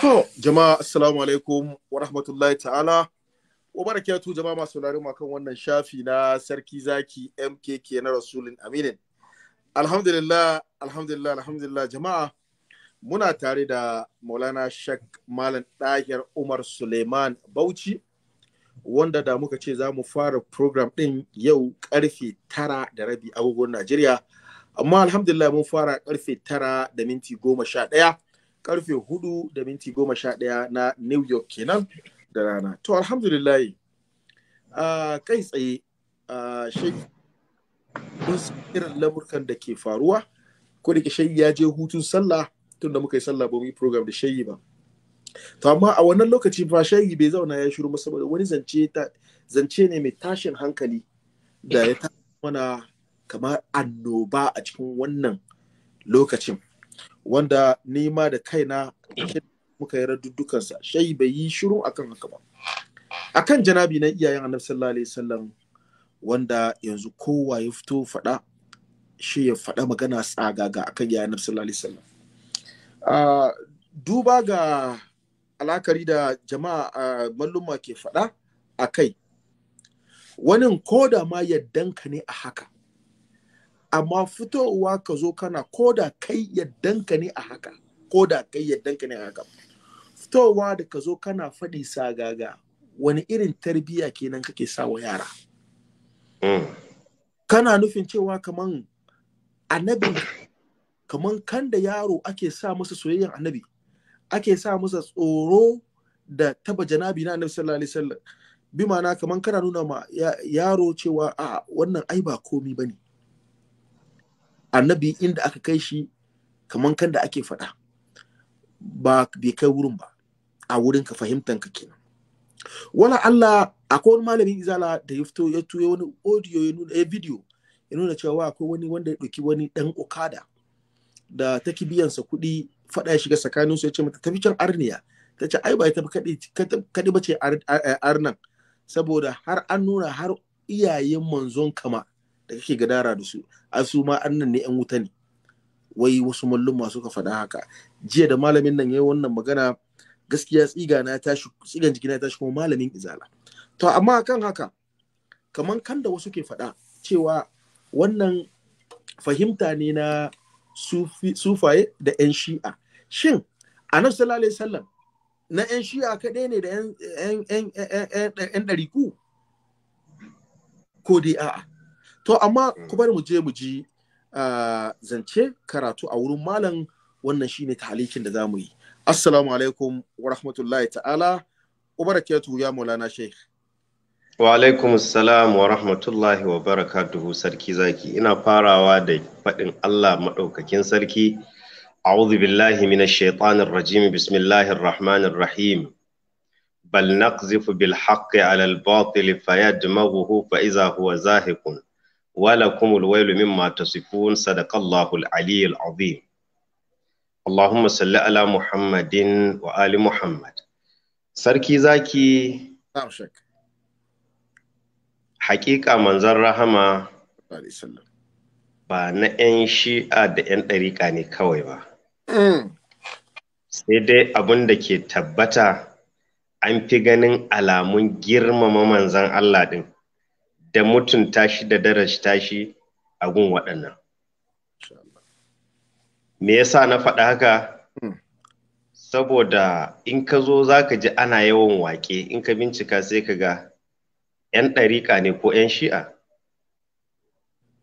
To, jama'a assalamu alaikum wa rahmatullahi ta'ala. Wa tu jama'a masu saurari kan wannan shafi na Sarki Zaki MKK na Rasulin Aminin. Alhamdulillah, alhamdulillah, alhamdulillah jama'a. Muna tare da Maulana Shek Malam Ɗahir Umar Suleiman Bauchi, wanda da muka ce za mu fara program ɗin yau karfe tara da rabi agogon Najeriya. Amma alhamdulillah mun fara karfe tara da minti goma sha ɗaya. karfe hudu da minti goma sha ɗaya na New York kenan da rana. To alhamdulillahi uh, kai tsaye uh, shai lamurkan da ke faruwa ko da ke shai ya je hutun sallah tun da muka yi sallah ba mu yi program da shayi ba. To amma a wannan lokaci ba shayi bai zauna ya shiru masa saboda wani zance ne mai tashin hankali da ya mana kamar annoba a cikin wannan lokacin. wanda ni da kaina muka yi raddudukansa shai bai yi shiru akan haka ba akan janabi na iyayen annabi sallallahu alaihi wasallam wanda yanzu kowa ya fito faɗa shi ya faɗa magana tsagaga akan iyayen annabi sallallahu alaihi wasallam ah, duba ga alakari da jama'a uh, malluma ke faɗa a kai wanin ko da ma yaddanka ne a haka amma fitowa ka zo kana ko da kai yaddanka ne a haka ko da kai yaddanka ne a haka fitowa da ka zo kana faɗi sagaga wani irin tarbiyya kenan kake sa wa yara mm. kana nufin cewa kaman annabi kaman kan da yaro ake sa masa soyayyen annabi ake sa masa tsoro da taba janabi na annabi sallallahu alaihi wasallam bi ma'ana kaman kana nuna ma yaro cewa a wannan ai ba komi bane annabi inda aka kai shi kaman kan da ake faɗa ba bai kai wurin ba a wurin ka fahimtan ka kenan wala Allah akwai wani malamin izala da ya fito ya tuyo wani audio ya nuna video ya nuna cewa akwai wani wanda ya ɗauki wani ɗan okada da ta biyansa kuɗi faɗa ya shiga tsakanin su ya ce mata tafi can arniya ta ce ai ba ta kaɗi ba ce arnan saboda har an nuna har iyayen manzon kama da kake gadara da su a su ma annan ne yan wuta ne wai wasu masu suka faɗa haka jiya da malamin nan yayi wannan magana gaskiya tsiga na tashi tsigan jikina tashi kuma malamin izala to amma akan haka kaman kan da wasu ke faɗa cewa wannan fahimta ne na sufaye da 'yan shi'a shin annabi sallallahu alaihi na 'yan shi'a kaɗai ne da 'yan ɗariku ko dai a'a to amma mm. ku bari mu je mu ji zance karatu a wurin malam wannan shine talikin da zamu yi assalamu alaikum wa rahmatullahi ta'ala wa ya maulana sheikh wa alaikum assalam wa rahmatullahi wa barakatuhu sarki zaki ina farawa da faɗin Allah maɗaukakin sarki a'udhu billahi minash shaitanir rajim bismillahir rahmanir rahim bal naqzifu bil haqqi 'ala al batil fayadmaghuhu fa idza wala kumul wailu min ma tasifun sadaka Allahul aliyyil azim Allahumma salli ala Muhammadin wa Muhammad sarki zaki na'am shak hakika manzan rahama ba na yan shi'a da yan dariqa ne kawai ba sai dai abun da ke tabbata an fi ganin alamun girmama manzan Allah ɗin. da mutunta shi da darajta shi a gun waɗannan. Me ya sa na faɗa haka? Hmm. Saboda in ka zo za ka ji ana yawan waƙe in ka bincika sai ka ga 'yan ɗariƙa ne ko 'yan shi'a.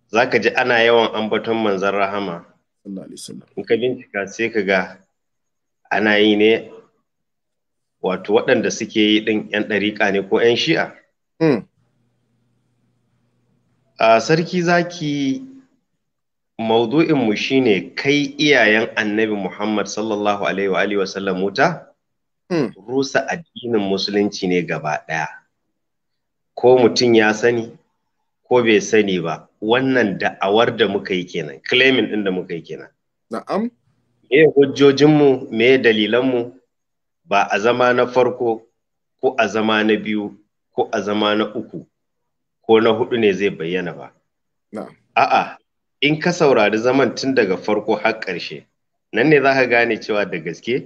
Za ka ji ana yawan ambaton manzan rahama. In ka bincika sai ka ga ana yi ne wato waɗanda suke yi ɗin 'yan ɗariƙa ne ko 'yan shi'a. Hmm. a sarki zaki maudu'inmu shi ne kai iyayen annabi muhammad sallallahu alaihi wa wasallam wuta hmm. rusa addinin musulunci ne gaba ɗaya ko mutum ya sani ko bai sani ba wannan da'awar da muka yi kenan claimin ɗin da muka yi kenan na'am me hujjojinmu me dalilanmu ba a zama na farko ko a zama na biyu ko a zama na uku ko na hudu ne zai bayyana ba. A'a, in ka saurari zaman tun daga farko har ƙarshe, nan ne za ka gane cewa da gaske,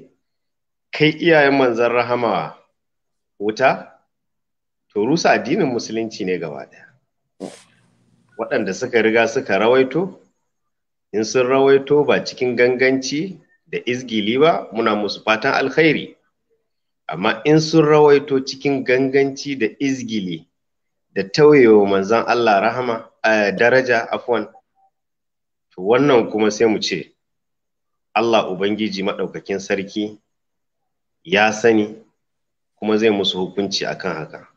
kai iyayen manzan rahama wuta, to rusa addinin musulunci ne gaba ɗaya. Waɗanda suka riga suka rawaito, in sun rawaito ba cikin ganganci da izgili ba muna musu fatan alkhairi. Amma in sun rawaito cikin ganganci da izgili, da tauyewa manzan Allah rahama daraja afwan to wannan kuma sai mu ce Allah Ubangiji maɗaukakin sarki ya sani kuma zai musu hukunci akan haka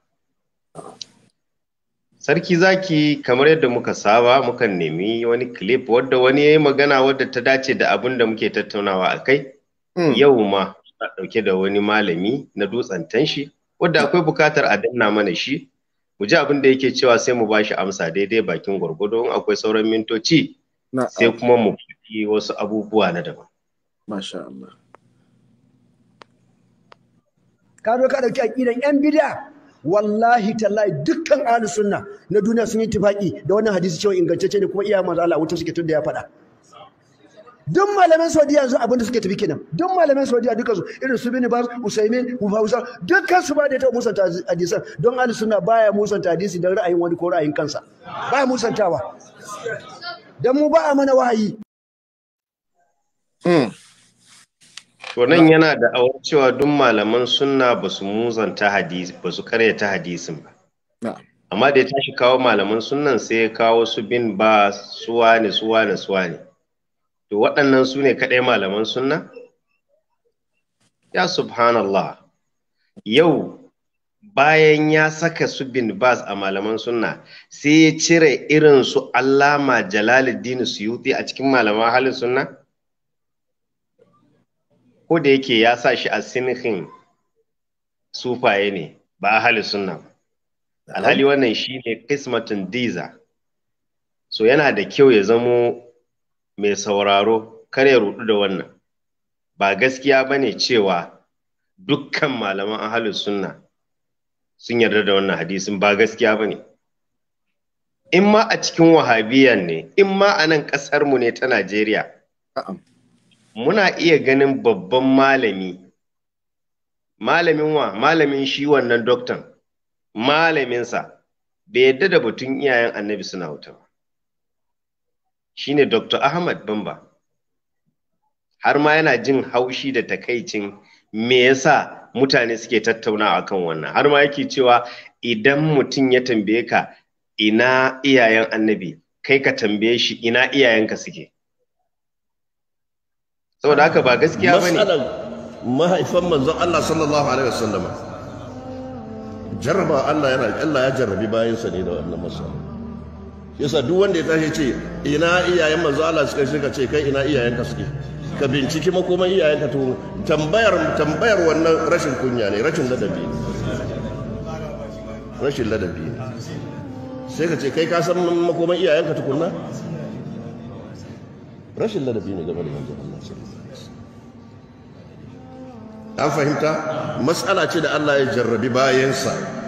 sarki zaki kamar yadda muka saba muka nemi wani clip wadda wani ya yi magana wadda ta dace da abin da muke tattaunawa a kai hmm. yau ma ɗauke da wani malami na dutsen tanshi wadda akwai bukatar a danna mana shi mu ji abin da yake cewa sai mu bashi amsa daidai bakin gwargwado in akwai sauran mintoci sai kuma mu faɗi wasu abubuwa na daban masha Allah ka dauki akidan yan bid'a wallahi tallahi dukkan ahlus sunna na duniya sun yi tufaki da wannan hadisi cewa ingantacce ne kuma iyayen manzo Allah wuta suke tunda ya faɗa duk malaman saudiya yanzu abin da suke tafi kenan duk malaman saudiya duka su irin su bin bas usaimin hufausa dukkan su ba da ta musanta hadisan don ahli sunna baya musanta hadisi dan ra'ayin wani ko ra'ayin kansa baya musantawa dan mu ba a mana wahayi mm. to nan yana da awar cewa duk malaman sunna ba su musanta hadisi ba su karyata hadisin ba amma da ya tashi kawo malaman sunnan sai ya kawo su bin ba suwane suwa suwane to waɗannan su ne kaɗai malaman sunna ya subhanallah yau bayan ya saka su bin bas a malaman sunna sai ya cire irin su allama jalaluddin suyuti a cikin malaman halin sunna ko da yake ya sa shi a sinihin sufaye ne ba a halin sunna alhali wannan shi ne kismatin diza so yana da kyau ya zamo mai sauraro kar ya rudu da wannan ba gaskiya ba ne cewa dukkan malaman ahalus sunna sun yarda da wannan hadisin ba gaskiya ba ne in ma a cikin wahabiyan ne in ma a nan ƙasarmu ne ta najeriya muna iya ganin babban malami malamin wa malamin shi wannan doktan malaminsa bai yadda da batun iyayen annabi suna wuta ba shine Dr. Ahmad Bamba. Har ma yana jin haushi da takaicin me yasa mutane suke tattaunawa kan wannan. Har ma yake cewa idan mutum ya tambaye ka ina iyayen annabi, kai ka tambaye shi ina iyayenka suke. Saboda haka ba gaskiya ne. mahaifan manzon Allah sallallahu alaihi wasallama. Jarraba Allah yana Allah ya jarrabi bayansa ne da wannan masalan. yasa duk wanda ya tashi ce ina iyayen manzo Allah suka shirka ce kai ina iyayenka suke ka binciki makoman iyayenka to tambayar tambayar wannan rashin kunya ne rashin ladabi ne rashin ladabi ne sai ka ce kai ka san makoman iyayenka tukunna rashin ladabi ne game da manzo Allah sallallahu alaihi wasallam an fahimta mas'ala ce da Allah ya jarrabi bayansa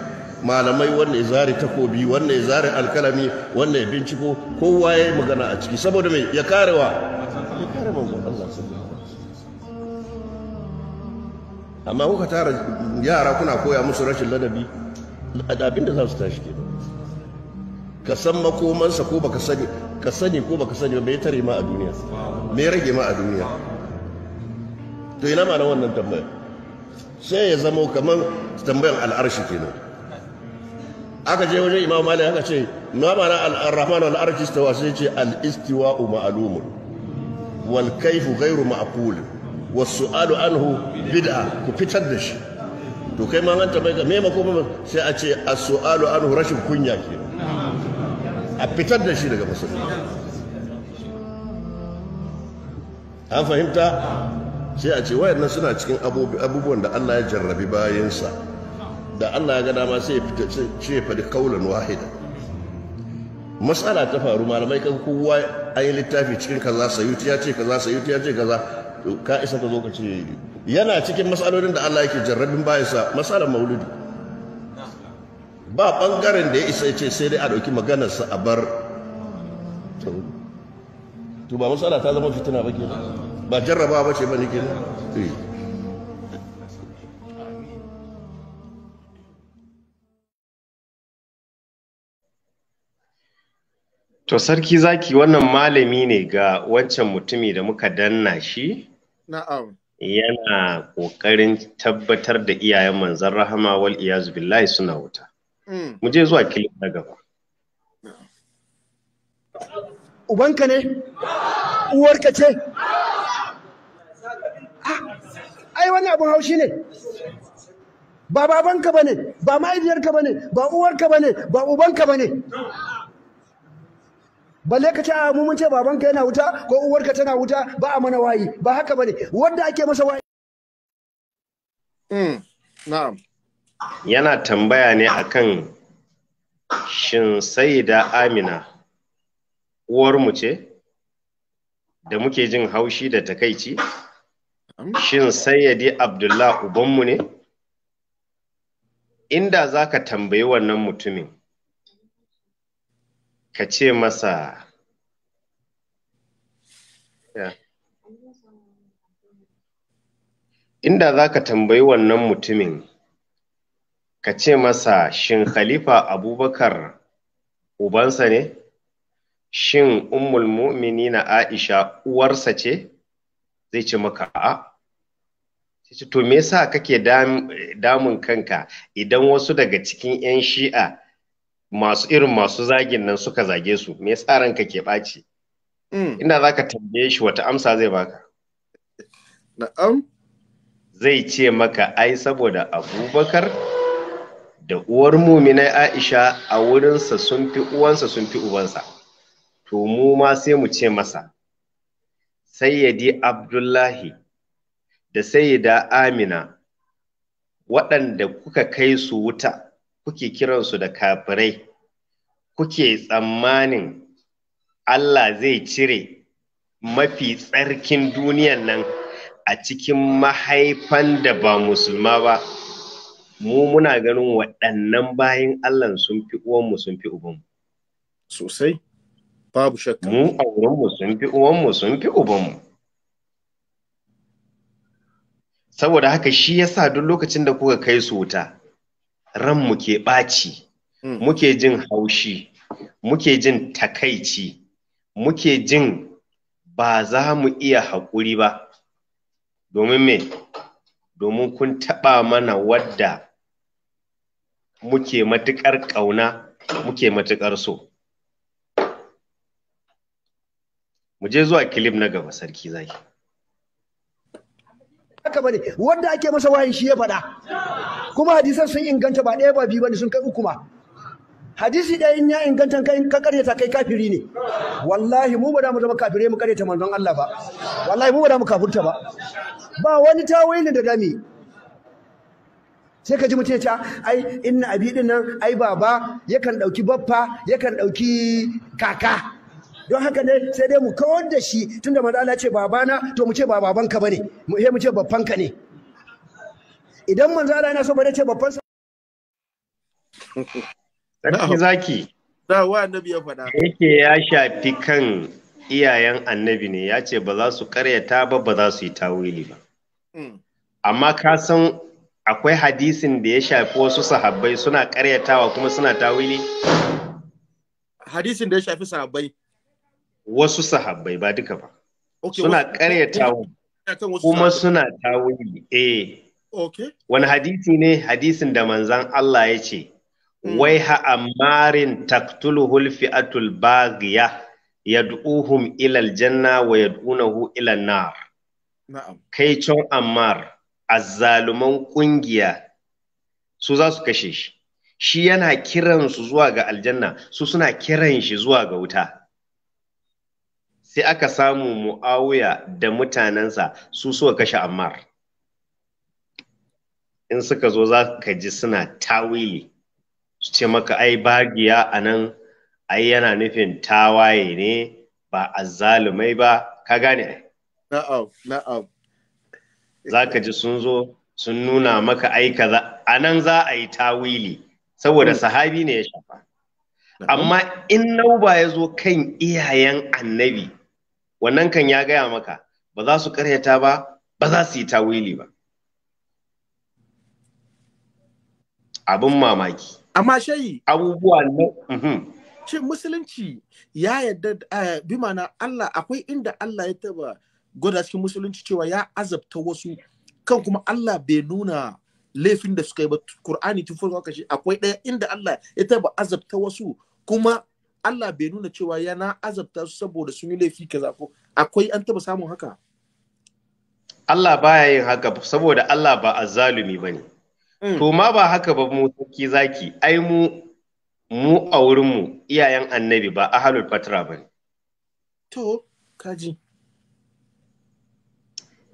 malamai wannan ya zare takobi wannan ya zare alkalami wannan ya binciko kowa ya yi magana a ciki saboda mai ya karewa ya kare manzon Allah amma kuka tara yara kuna koya musu rashin ladabi abin da za su tashi ke ka san makomansa ko baka sani ka sani ko baka sani ba ya tare ma a duniya me rage ma a duniya to ina ma wannan tambayar sai ya zama kamar tambayar al'arshi kenan aka je wajen imam malik aka ce na mana al-rahman al arshi istawa sai ce al-istiwa'u ma'lumun wal Gairu ghayru ma'qul was su'alu anhu bid'a ku fitar da shi to kai ma hanta tambaye ga, me ma kuma sai a ce as-su'alu anhu rashin kunya ke a fitar da shi daga musulmi an fahimta sai a ce wayannan suna cikin abubuwan da Allah ya jarrabi bayansa da Allah ya ga dama sai ya fita ce fadi kaulan wahida matsala ta faru malamai kan kowa an yi littafi cikin kaza sayuti ya ce kaza sayuti ya ce kaza ka isa ka zo ka ce yana cikin matsalolin da Allah yake jarrabin bayansa matsalar mauludi. ba bangaren da ya isa ce sai dai a ɗauki maganarsa a bar to ba matsala ta zama fitina ba ke ba jarraba ba ce ba ne kenan? Eh. To sarki zaki wannan malami ne ga wancan mutumi da muka danna shi? Na'am. Yana ƙoƙarin tabbatar da iyayen manzan rahama wal iyazu billahi suna wuta. Mm. Mu je zuwa kilin na gaba. Ubanka ne? Uwarka ce? Ah, ai wani abin haushi ne. Ba babanka ba ne, ba ma'aikiyarka ba ne, ba uwarka ba ne, ba ubanka ba ne. balle ka ce a mu mun ce babanka yana wuta ko uwarka tana wuta ba a mana wayi ba haka bane wanda ake masa wayi mm na'am yana tambaya ne akan shin sayyida amina uwar mu ce da muke jin haushi da takaici hmm? shin Sayyadi abdullah ubanmu ne inda zaka tambayi wannan mutumin ka ce masa inda za ka tambayi wannan mutumin ka ce masa shin khalifa abubakar ubansa ne shin ummul na aisha uwarsa ce zai ce maka a to me yasa kake damun kanka idan wasu daga cikin 'yan shi'a masu irin masu zagin nan suka zage su me yasa ranka ke ɓaci mm. inda za ka tambaye shi wata amsa zai baka na'am zai ce maka ai saboda abubakar da uwar muminai aisha a wurinsa sun fi uwansa sun fi ubansa to mu ma sai mu ce masa sayyadi abdullahi da sayyida amina waɗanda kuka kai su wuta kuke kiransu da kafirai kuke tsammanin Allah zai cire mafi tsarkin duniyan nan a cikin mahaifan da ba musulma ba mu muna ganin waɗannan bayan Allah sun fi uwanmu sun fi ubanmu sosai babu shakka mu a sun fi uwanmu sun fi ubanmu saboda haka shi yasa duk lokacin da kuka kai su wuta ranmu ke ɓaci hmm. muke jin haushi muke jin takaici muke jin ba za mu iya haƙuri ba domin me domin kun taɓa mana wadda muke matuƙar ƙauna muke matuƙar so mu je zuwa kilif na gaba sarki zaki haka bane wanda ake masa wahayin shi ya faɗa kuma hadisan sun inganta ba ɗaya ba biyu bane sun kai uku ma hadisi ɗaya in ya inganta kai ka karyata kai kafiri ne wallahi mu ba da mu zama kafire mu karyata manzon Allah ba wallahi mu ba da mu kafurta ba ba wani tawili da dami sai ka ji mutum ya ce ai inna abi din nan ai baba yakan dauki baffa yakan dauki kaka don haka ne sai dai mu kawar da shi tunda manzo Allah ce babana to mu ce ba babanka bane mu he mu ce babbanka ne idan manzo Allah yana so ba ce babbansa Sarki zaki. Da wa annabi ya fada Yake ya shafi kan iyayen annabi ne ya ce ba za su karyata ba ba za su yi tawili ba. Hmm. Amma ka san akwai hadisin da ya shafi wasu sahabbai suna karyatawa kuma suna tawili? Hadisin da ya shafi sahabbai wasu sahabbai ba duka ba suna tawo. kuma suna tawili eh wani hadisi ne hadisin da manzan Allah ya ce hmm. wai ha amarin atul-bagiya! ya yad'uhum ilal janna wa yad'unahu ilal nar kai can ammar azzaluman ƙungiya su za su kashe shi shi yana kiran su zuwa ga aljanna su suna kiran shi zuwa ga wuta sai aka samu mu'awiya da mutanensa su suka kashe ammar in suka zo za ka ji suna tawili su ce maka ai bagiya a nan ai yana nufin tawaye ne ba azzalumai ba ka gane na'am na'am za ka ji sun zo sun nuna maka ai kaza a nan za a yi tawili saboda hmm. sahabi ne ya shafa amma in nauba ya zo kan iyayen annabi wannan kan ya gaya maka ba za su karyata ba ba za su yi tawili ba abin mamaki amma shayi abubuwa ne ce uhm. musulunci ya yadda eh, bi mana Allah akwai inda Allah ya taba gwada cikin musulunci cewa ya azabta wasu kan kuma Allah bai nuna laifin da suka yi ba Qur'ani tun farko kashi akwai ɗaya inda Allah ya taba azabta wasu kuma Allah bai nuna cewa yana azabta su saboda sun yi laifi kaza ko akwai an taba samun haka Allah baya yin haka saboda Allah ba azzalumi bane ne. Hmm. to ma ba haka ba mu sarki zaki ai mu mu a wurin mu iyayen annabi ba ahalul fatra bane to kaji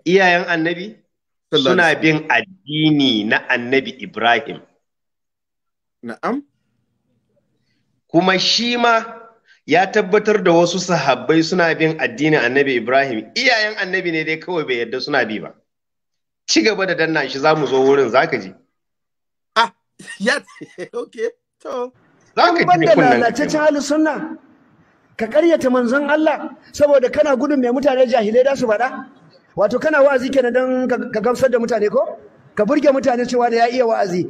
iyayen annabi suna bin addini na annabi Ibrahim na'am kuma shi ma ya tabbatar da wasu sahabbai suna bin addinin annabi Ibrahim iyayen annabi ne dai kawai bai yadda suna bi ba ci gaba da danna shi za mu zo wurin zaka ji ah, ji ka karyata manzon Allah saboda kana gudun mai mutane jahilai da su faɗa wato kana wa'azi kenan don ka gamsar da mutane ko ka burge mutane cewa da ya iya wa'azi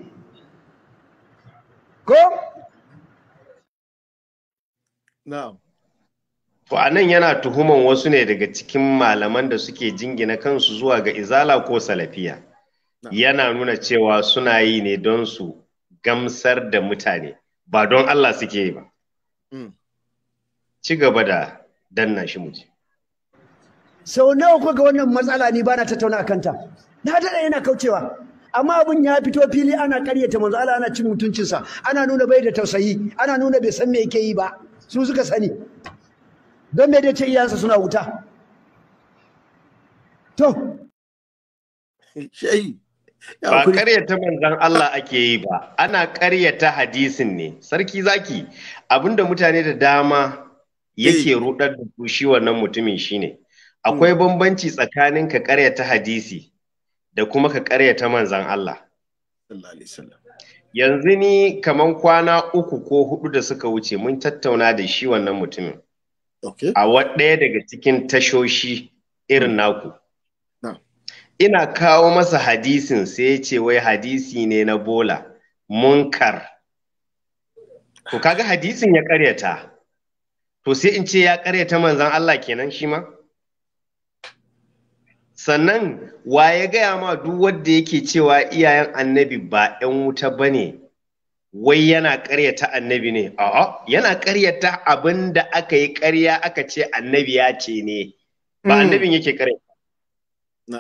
ko To a yana tuhuman wasu ne daga cikin malaman da suke jingina kansu zuwa ga izala ko salafiya. Yana nuna cewa suna yi ne don su gamsar da mutane, ba don Allah suke yi ba. Mm. Ci gaba da danna shi muji. Sau nawa kuka wannan matsala ni ba na tattauna a kanta. Na daɗa yana kaucewa. amma abin ya fito fili ana karyata manzo ana cin mutuncinsa ana nuna bai da tausayi ana nuna bai san me yake yi ba su suka sani don me dai iyansa suna wuta to shayi ba karyata manzan Allah ake yi ba ana karyata hadisin ne sarki zaki abinda mutane da dama yake eh. rudar da shi wannan mutumin shine hmm. akwai bambanci tsakanin ka karyata hadisi da kuma ka karyata manzan Allah sallallahu alaihi yanzu ni kaman kwana uku ko hudu da suka wuce mun tattauna da shi wannan mutumin a waɗaya daga cikin tashoshi irin naku ina kawo masa hadisin sai ya ce wai hadisi ne na bola munkar to kaga hadisin ya karyata to sai in ce ya karyata manzan Allah kenan shi ma sannan wa ya gaya ma duk wanda yake cewa iyayen annabi ba 'yan wuta ba ne wai yana karyata annabi ne a'a yana karyata abin da aka yi karya aka ce annabi ya ce ne ba hmm. annabin yake karyata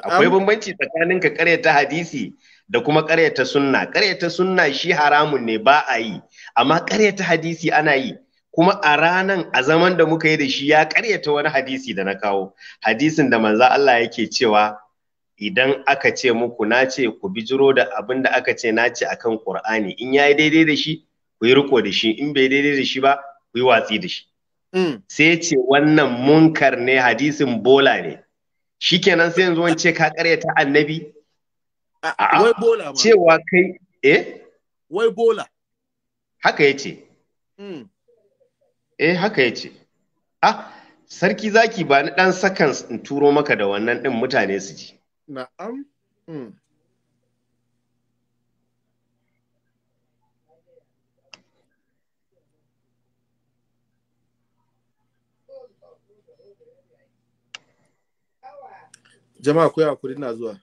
akwai bambanci tsakanin ka karyata hadisi da kuma karyata sunna karyata sunna shi haramun ne ba a yi amma karyata hadisi ana yi kuma a ranan a zaman da muka yi da shi ya karyata wani hadisi da na kawo hadisin da manzo Allah yake cewa idan aka ce muku na ce ku bijiro da abin da aka ce na ce akan Qur'ani in ya yi daidai da shi ku yi riko da shi in bai daidai da shi ba ku yi watsi da shi mm. sai ce wannan munkar ne hadisin bola ne shikenan sai yanzu wance ka karyata annabi wai bola cewa kai eh wai bola haka yace mm. eh haka ya ce ah sarki zaki ba ni ɗan sakan in turo maka da wannan ɗin mutane su ji na'am hmm. jama'a ku na zuwa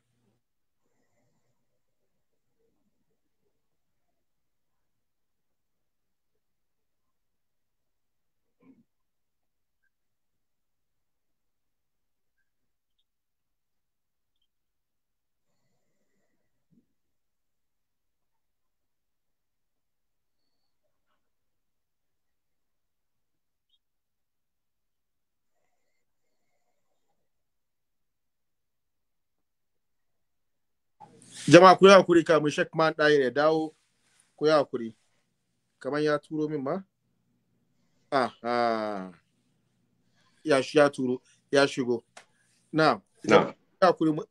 jama'a ku yi hakuri kamun shek man ɗaya ya dawo ku yi hakuri kamar ya turo min ma ah ya ya turo ya shigo na na mu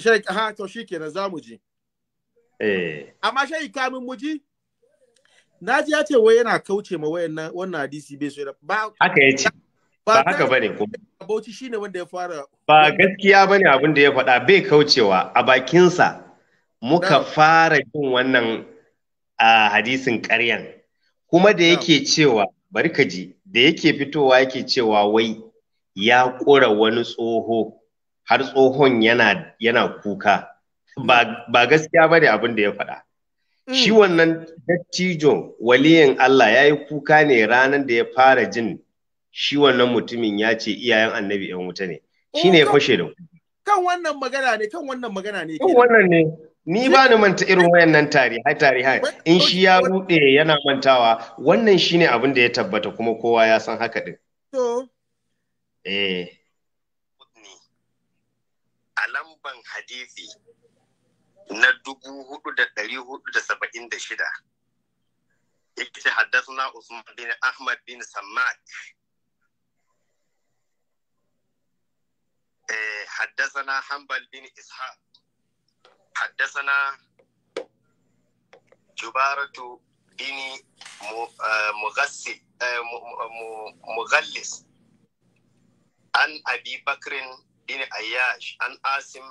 shek ha to shikenan za mu ji eh amma shek kamun mu ji Naji ya ce wai yana kauce ma wannan hadisi bai so ba haka yace ba haka bane Bauchi shine wanda ya fara ba gaskiya bane abin da ya faɗa bai kaucewa a bakinsa muka fara jin wannan a hadisin ƙaryan kuma da yake cewa bari ka ji da yake fitowa yake cewa wai ya ƙura wani tsoho har tsohon yana yana kuka ba gaskiya bane abin da ya faɗa shi mm. wannan dattijo waliyin Allah ya yi kuka ne ranar da ya fara jin shi wannan mutumin ya ce iyayen annabi yan wuta ne oh, shi ne ya fashe da kan wannan magana ne kan wannan magana ne kan wannan ne ni ba ni manta irin wayannan tari hai, in shi ya rude yana mantawa wannan ne abin da ya tabbata kuma kowa ya san haka din to eh a lamban hadisi na dubu hudu da dari hudu da saba'in da shida yake haddasa na Usman bin Ahmad bin Samak حدثنا حنبل بن إسحاق حدثنا جبارة بن مغسل مغلس عن أبي بكر بن أياش عن آسم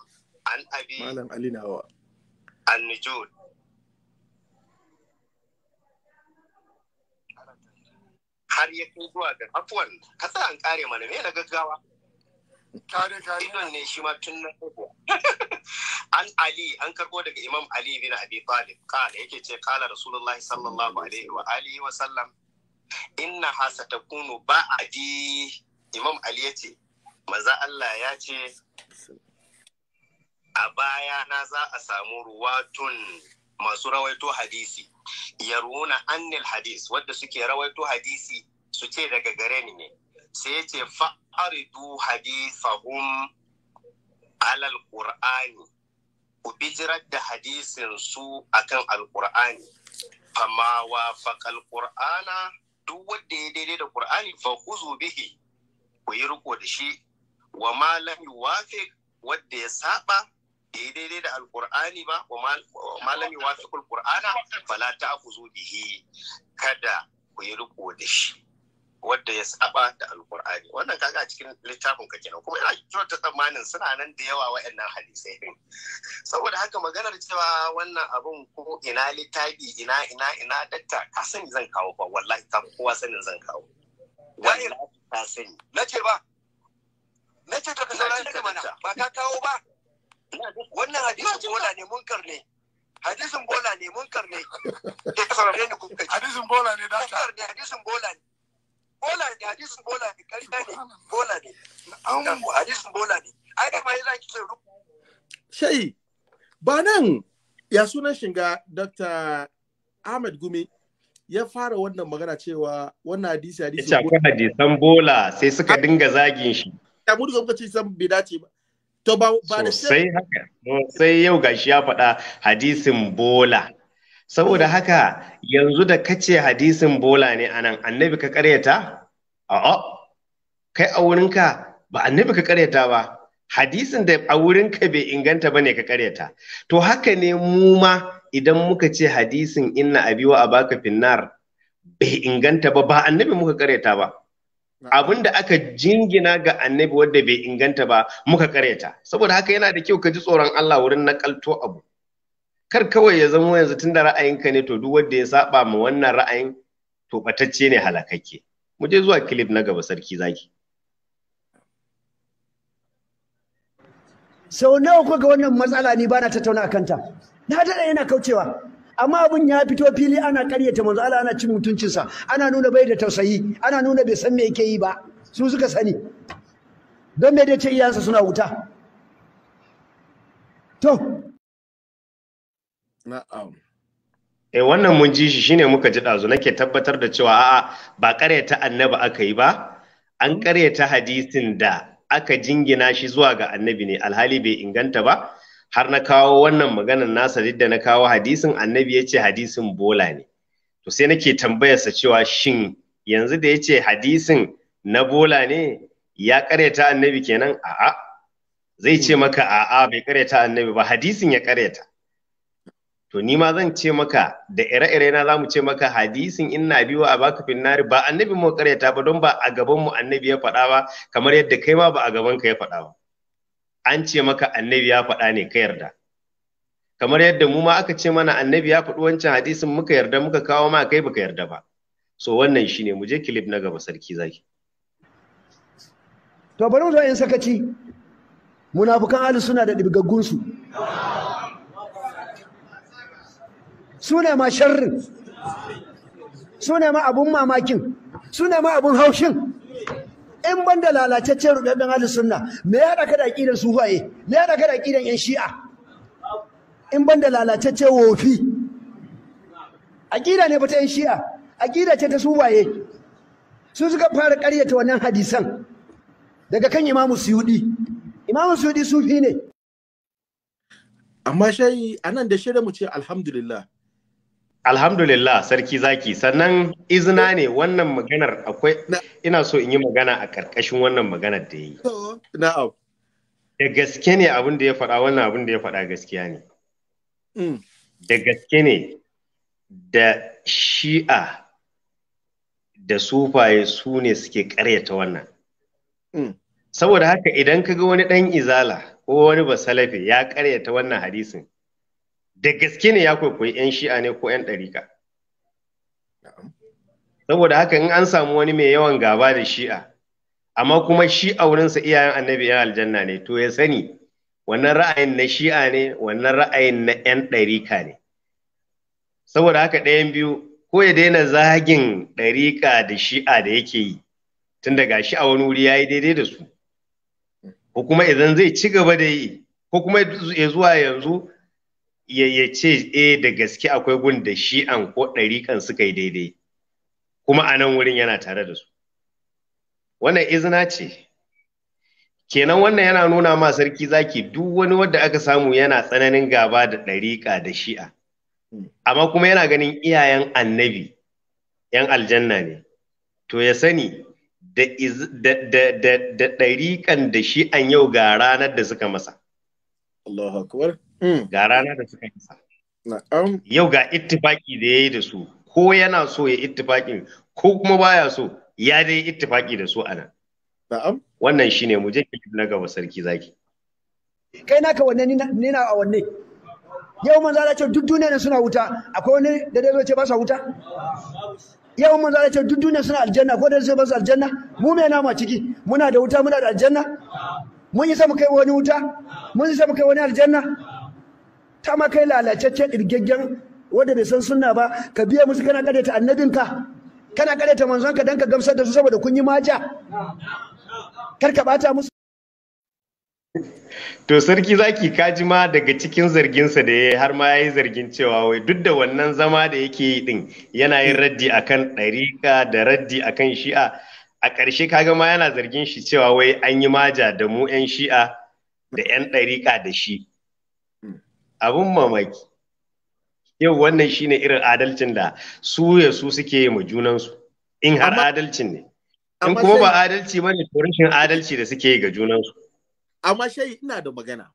عن أبي مالم علينا هو النجود har ya kai zuwa ga afuwan kasa an kare mana ne da gaggawa kare kare ne shi ma tun an ali an karbo daga imam ali bin abi talib yake ce kala rasulullahi sallallahu alaihi wa alihi wa sallam inna hasa takunu imam ali yace maza Allah ya ce a baya na za a samu ruwatun masu rawaito hadisi yaruna annil hadis wadda suke rawaito hadisi su ce daga gare ni ne sai ya ce fa aridu hadithahum alal qur'ani ku bijirar da hadisin su akan alqur'ani fama wa faqal qur'ana duk wanda ya daidai da qur'ani fa khuzu bihi ku yi riko da shi wa ma lam yuwafiq wanda ya saba ya daidai da alqur'ani ba wa ma lam yuwafiq alqur'ana ta ta'khudhu bihi kada ku yi riko da shi wadda ya saba da alkur'ani wannan kaga a cikin littafin ka kenan kuma ina ta tsammanin suna nan da yawa wa'annan hadisai din saboda haka maganar cewa wannan abun ko ina littafi ina ina ina datta ka sani zan kawo ba wallahi ka kowa sanin zan kawo wallahi ka sani ce ba Na ce ka saurari daga mana ba ka kawo ba wannan hadisin bola ne munkar ne hadisin bola ne munkar ne hadisin bola ne da munkar ne hadisin bola ne bola ne hadisin bola ne karya ne bola ne hadisin bola ne ai kama yana kice ruku shayi ba nan ya sunan shiga dr ahmed gumi ya fara wannan magana cewa wannan hadisi hadisi ya akwai hadisan bola sai suka dinga zagin shi ya mu duka muka ce san bai dace ba to ba ba da sai haka sai yau gashi ya faɗa hadisin bola saboda haka yanzu da kace hadisin bola ne anan annabi ka karyata a'a kai a wurinka ba annabi ka karyata ba hadisin da a wurinka bai inganta bane ka karyata to haka ne mu ma idan muka ce hadisin inna abi wa abaka finnar bai inganta ba ba annabi muka karyata ba abin da aka jingina ga annabi wanda bai inganta ba muka karyata saboda haka yana da kyau ka ji tsoron Allah wurin nakalto abu kar kawai ya zama yanzu tunda ra'ayinka ne to duk wanda ya saba ma wannan ra'ayin to batacce ne halakakke mu je zuwa clip na gaba sarki zaki sau nawa ko ga wannan matsala ni bana tattauna a kanta na daɗa yana kaucewa amma abin ya fito fili ana karyata manzo Allah ana cin mutuncinsa ana nuna bai da tausayi ana nuna bai san me yake yi ba su suka sani don me dai ce iyansa suna wuta to Eh wannan mun ji shi shine muka ji ɗazu nake tabbatar da cewa a'a ba ƙaryata annabi aka yi ba an hmm? ƙaryata hadisin da aka jingina shi zuwa ga annabi ne alhali bai inganta ba har na kawo wannan maganar nasa didda na kawo hadisin annabi ya ce hadisin bola ne to sai nake tambayarsa cewa shin yanzu da ya ce hadisin na bola ne ya ta annabi kenan a'a zai ce hmm. maka a'a bai ƙaryata annabi ba hadisin ya karyata to ni ma zan ce maka da ire-ire na zamu ce maka hadisin inna biyu a baka finnari ba annabi mu karyata ba don ba a gaban mu annabi ya faɗa ba kamar yadda kai ma ba a gaban ka ya faɗa ba an ce maka annabi ya faɗa ne ka yarda kamar yadda mu ma aka ce mana annabi ya faɗi wancan hadisin muka yarda muka kawo ma kai baka yarda ba so wannan shine mu je clip na gaba sarki zaki to bari mu zo in sakaci munafukan Ali suna da dibgaggun su su ne ma sharrin su ne ma abun mamakin su ne ma abun haushin in ban da lalacaccen rudadden ahli sunna me ya haɗa ka da aƙidan sufaye me ya haɗa da kidan yan shi'a in ban da lalataccen wofi aƙida ne bata yan shi'a aƙida ce ta sufaye su suka fara ƙaryata wannan hadisan daga kan imamu suyudi imamu suyudi sufi ne amma shayi anan da shirin mu ce alhamdulillah Alhamdulillah sarki zaki sannan izina ne wannan maganar akwai ina so in yi magana a ƙarƙashin wannan maganar da yi. Da gaske ne abin da ya faɗa wannan abin da ya faɗa gaskiya ne. Mm. Da gaske ne da shi'a da sufaye su ne suke ƙaryata wannan. Mm. Saboda haka idan ka ga wani ɗan izala ko wani basalafe ya ƙaryata wannan hadisin da gaske ne ya kwaikwayi 'yan shi'a ne ko 'yan ɗarika. Saboda haka in an samu wani mai yawan gaba da shi'a, amma kuma shi a wurinsa iyayen annabi yan aljanna ne, to ya sani wannan ra'ayin na shi'a ne, wannan ra'ayin na 'yan ɗarika ne. Saboda haka ɗayan biyu, ko ya daina zagin ɗarika da shi'a da yake yi, tun daga shi a wani wuri ya yi daidai da su. Mm. Ko kuma idan zai ci gaba da yi, ko kuma ya zuwa yanzu ya ce eh da gaske akwai gun da shi'an ko ɗariƙan suka yi daidai kuma a nan wurin yana tare da su wannan izina ce kenan wannan yana nuna ma sarki zaki duk wani wanda aka samu yana tsananin gaba da ɗariƙa da shi'a amma kuma yana ganin iyayen annabi yan aljanna ne to ya sani da ɗariƙan da shi'an yau ga ranar da suka masa Allahu akbar Mm. ga rana da suka yi yau ga ittifaki da ya yi da su ko yana so ya ittifaki ko kuma baya so ya dai ittifaki da su ana. na'am wannan shine mu je kilif na gaba sarki zaki kai naka wanne ni na a wanne yau manzo Allah ce duk duniya suna wuta akwai wani da zai ce ba sa wuta yau manzo Allah ce duk duniya suna aljanna ko da zai ba su aljanna mu me nama ciki muna da wuta muna da aljanna mun yi sa mu kai wani wuta mun yi sa mu kai wani aljanna ta ma kai lalacecce dirgaggen wanda bai san sunna ba ka biya musu kana kare ta annabinka kana kare ta manzonka dan ka gamsar da su saboda kun yi maja kar ka bata musu To sarki zaki kaji ma daga cikin zarginsa da ya har ma yayi zargin cewa wai duk da wannan zama da yake yi din yana yin raddi akan ɗarika da raddi akan shi'a a ƙarshe kaga ma yana zargin shi cewa wai an yi maja da mu 'yan shi'a da 'yan ɗarika da shi. abun mamaki yau wannan shine irin adalcin da su ya su suke yi ma junansu in har adalcin ne in kuma ba adalci bane to rashin adalci da suke yi ga junansu amma shai ina da magana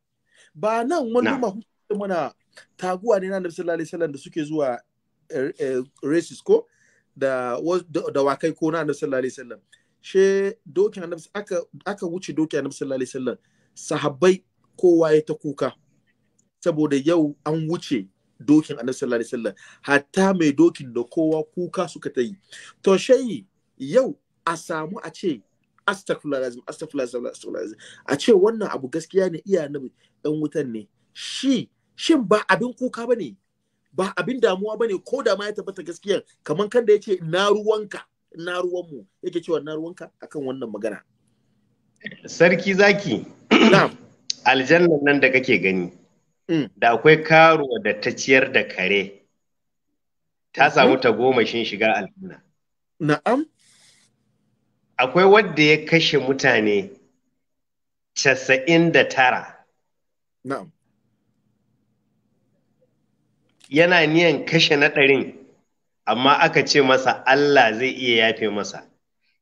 ba nan wani mahukunci muna taguwa ne na nabi sallallahu da suke zuwa eh, eh, races ko da wakai ko na nabi sallallahu alaihi she dokin aka aka wuce dokin a sallallahu alaihi sahabbai kowa ya ta kuka saboda yau an wuce dokin annabi alaihi wasallam hatta mai dokin da kowa kuka suka ta yi to shayi yau a samu a ce astagfirullahalazim astagfirullahalazim a ce wannan abu gaskiya ne iya nabi dan wutan ne shi shin ba abin kuka bane ba abin damuwa bane ko da ma ya tabbata gaskiya kamar kan da yace na ruwanka na ruwanmu yake cewa na ruwanka akan wannan magana sarki zaki aljannan nan da kake gani Mm. da akwai karuwa da ta ciyar da kare ta samu ta goma shiga aljanna na'am akwai wadda ya kashe mutane casa'in da tara na'am yana niyan kashe naɗarin, amma aka ce masa Allah zai iya yafe masa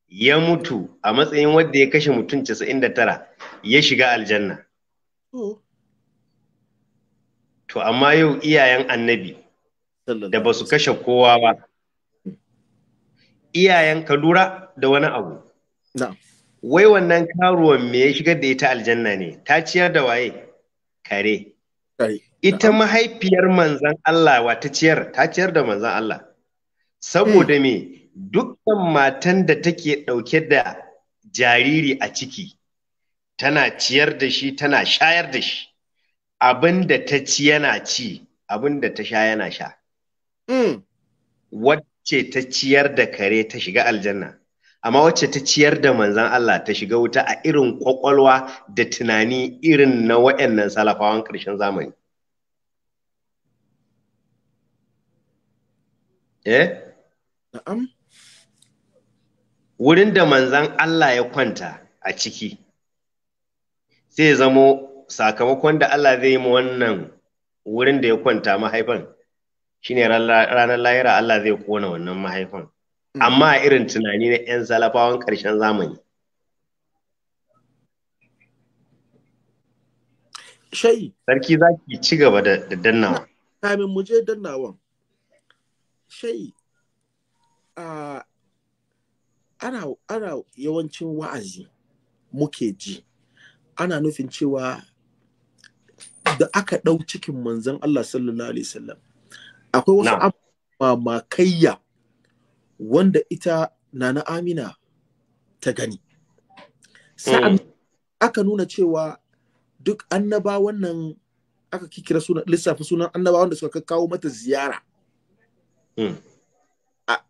ya mutu a matsayin wadda ya kashe mutum casa'in da tara ya shiga aljanna. Oh. to amma yau iyayen annabi da ba su kashe kowa ba iyayen ka lura da wani abu wai wannan karuwan me ya shigar da ita aljanna ne ta ciyar da waye kare ita mahaifiyar manzan Allah wata ciyar ta ciyar da manzan Allah saboda hmm. me dukkan matan da take ɗauke da jariri a ciki tana ciyar da shi tana shayar da shi abin da ta ci yana ci abin da ta sha yana sha mm. wacce ta ciyar da kare ta shiga aljanna amma wacce ta ciyar da manzan Allah ta shiga wuta a irin kwakwalwa da tunani irin na waɗannan salafawan ƙarshen zamani eh um. wurin da manzan Allah ya kwanta a ciki sai zamo sakamakon da Allah zai yi ma wannan wurin da ya kwanta mahaifan shine ranar lahira Allah zai kona wannan mahaifan hmm. amma irin tunani na 'yan salafawan ƙarshen zamani Shai. sarki za ki ci gaba da dannawa kamin mu je dannawan ana yawancin wa'azi muke ji ana nufin cewa da aka ɗau cikin manzan Allah sallallahu alaihi wasallam akwai wasu mamakayya wanda ita na Amina ta gani sa'an mm. aka nuna cewa duk annaba wannan aka kikira suna lissafi sunan annabawan da suka kawo mata ziyara mm.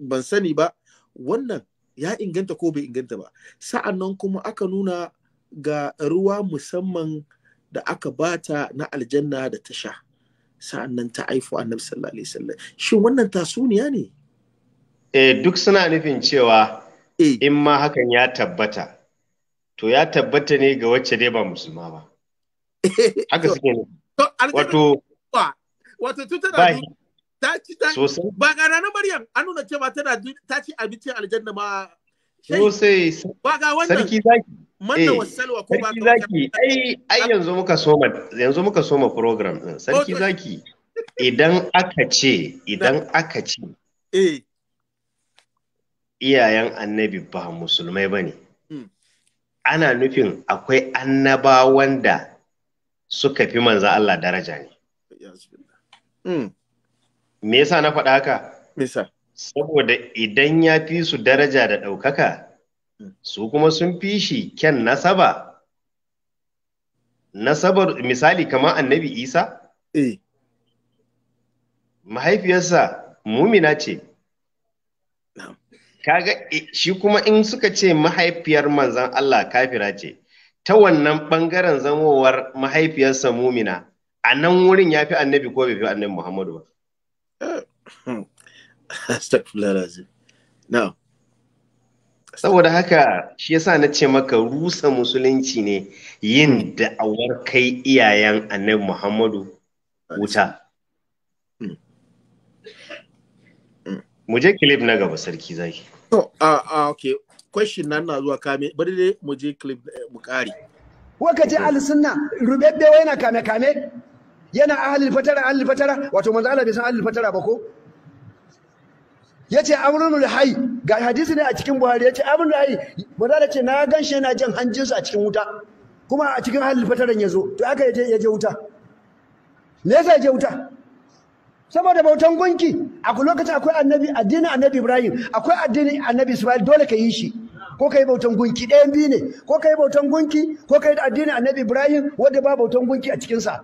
ban sani ba wannan ya inganta ko bai inganta ba sa'an nan kuma aka nuna ga ruwa musamman da aka bata na aljanna da ta sha sa'an nan ta aifu annabi sallallahu alaihi wasallam shin wannan tasuniya ne eh duk suna nufin cewa eh. in ma hakan ya tabbata to ya tabbata ne ga wacce dai ba musulma ba haka suke ne wato wato tuta da ta ci ta ba ga ranar maryam an nuna cewa tana ta ci abincin aljanna ma sosai ba ga wannan sarki zaki manna eh, wasalwa ko ba zaki ai ai yanzu muka soma yanzu muka soma program din sarki zaki idan aka ce idan aka ce eh iyayen annabi ba musulmai bane hmm. ana nufin akwai annabawan da suka fi manza Allah daraja ne hmm. me yasa na faɗa haka saboda idan ya fi su daraja da ɗaukaka su kuma sun fi shi kyan nasaba nasabar misali kamar annabi isa eh. mahaifiyarsa mumina ce kaga eh, shi kuma in suka ce mahaifiyar manzan Allah kafira ce ta wannan bangaren zamowar mahaifiyarsa mumina a nan wurin ya fi annabi ko bai fi annabi Muhammadu ba. Eh, hmm. Astagfirullah saboda haka shi yasa na ce maka rusa musulunci ne yin da'awar kai iyayen annabi muhammadu wuta hmm. Hmm. mu je clip na gaba sarki zai to a a okay question nan na zuwa kame bari dai mu je clip eh, mu kare wakace al-sunna rubebbe yana kame kame yana ahli fatara ahli fatara wato manzo Allah bai san ahli fatara ba ko Ya ce hayy ga hadisi ne a cikin buhari Ya ce yace ba za manzo ce na ganshi yana jan hanjinsu a cikin wuta kuma a cikin halin fataran zo, to aka ya yaje wuta me yasa yaje wuta saboda bautan gunki akwai lokacin akwai annabi addinin annabi ibrahim akwai addinin annabi isma'il dole ka yi shi ko ka yi bautan gunki ɗayan biyu ne ko ka yi bautan gunki ko ka yi addinin annabi ibrahim wanda ba bautan gunki a cikinsa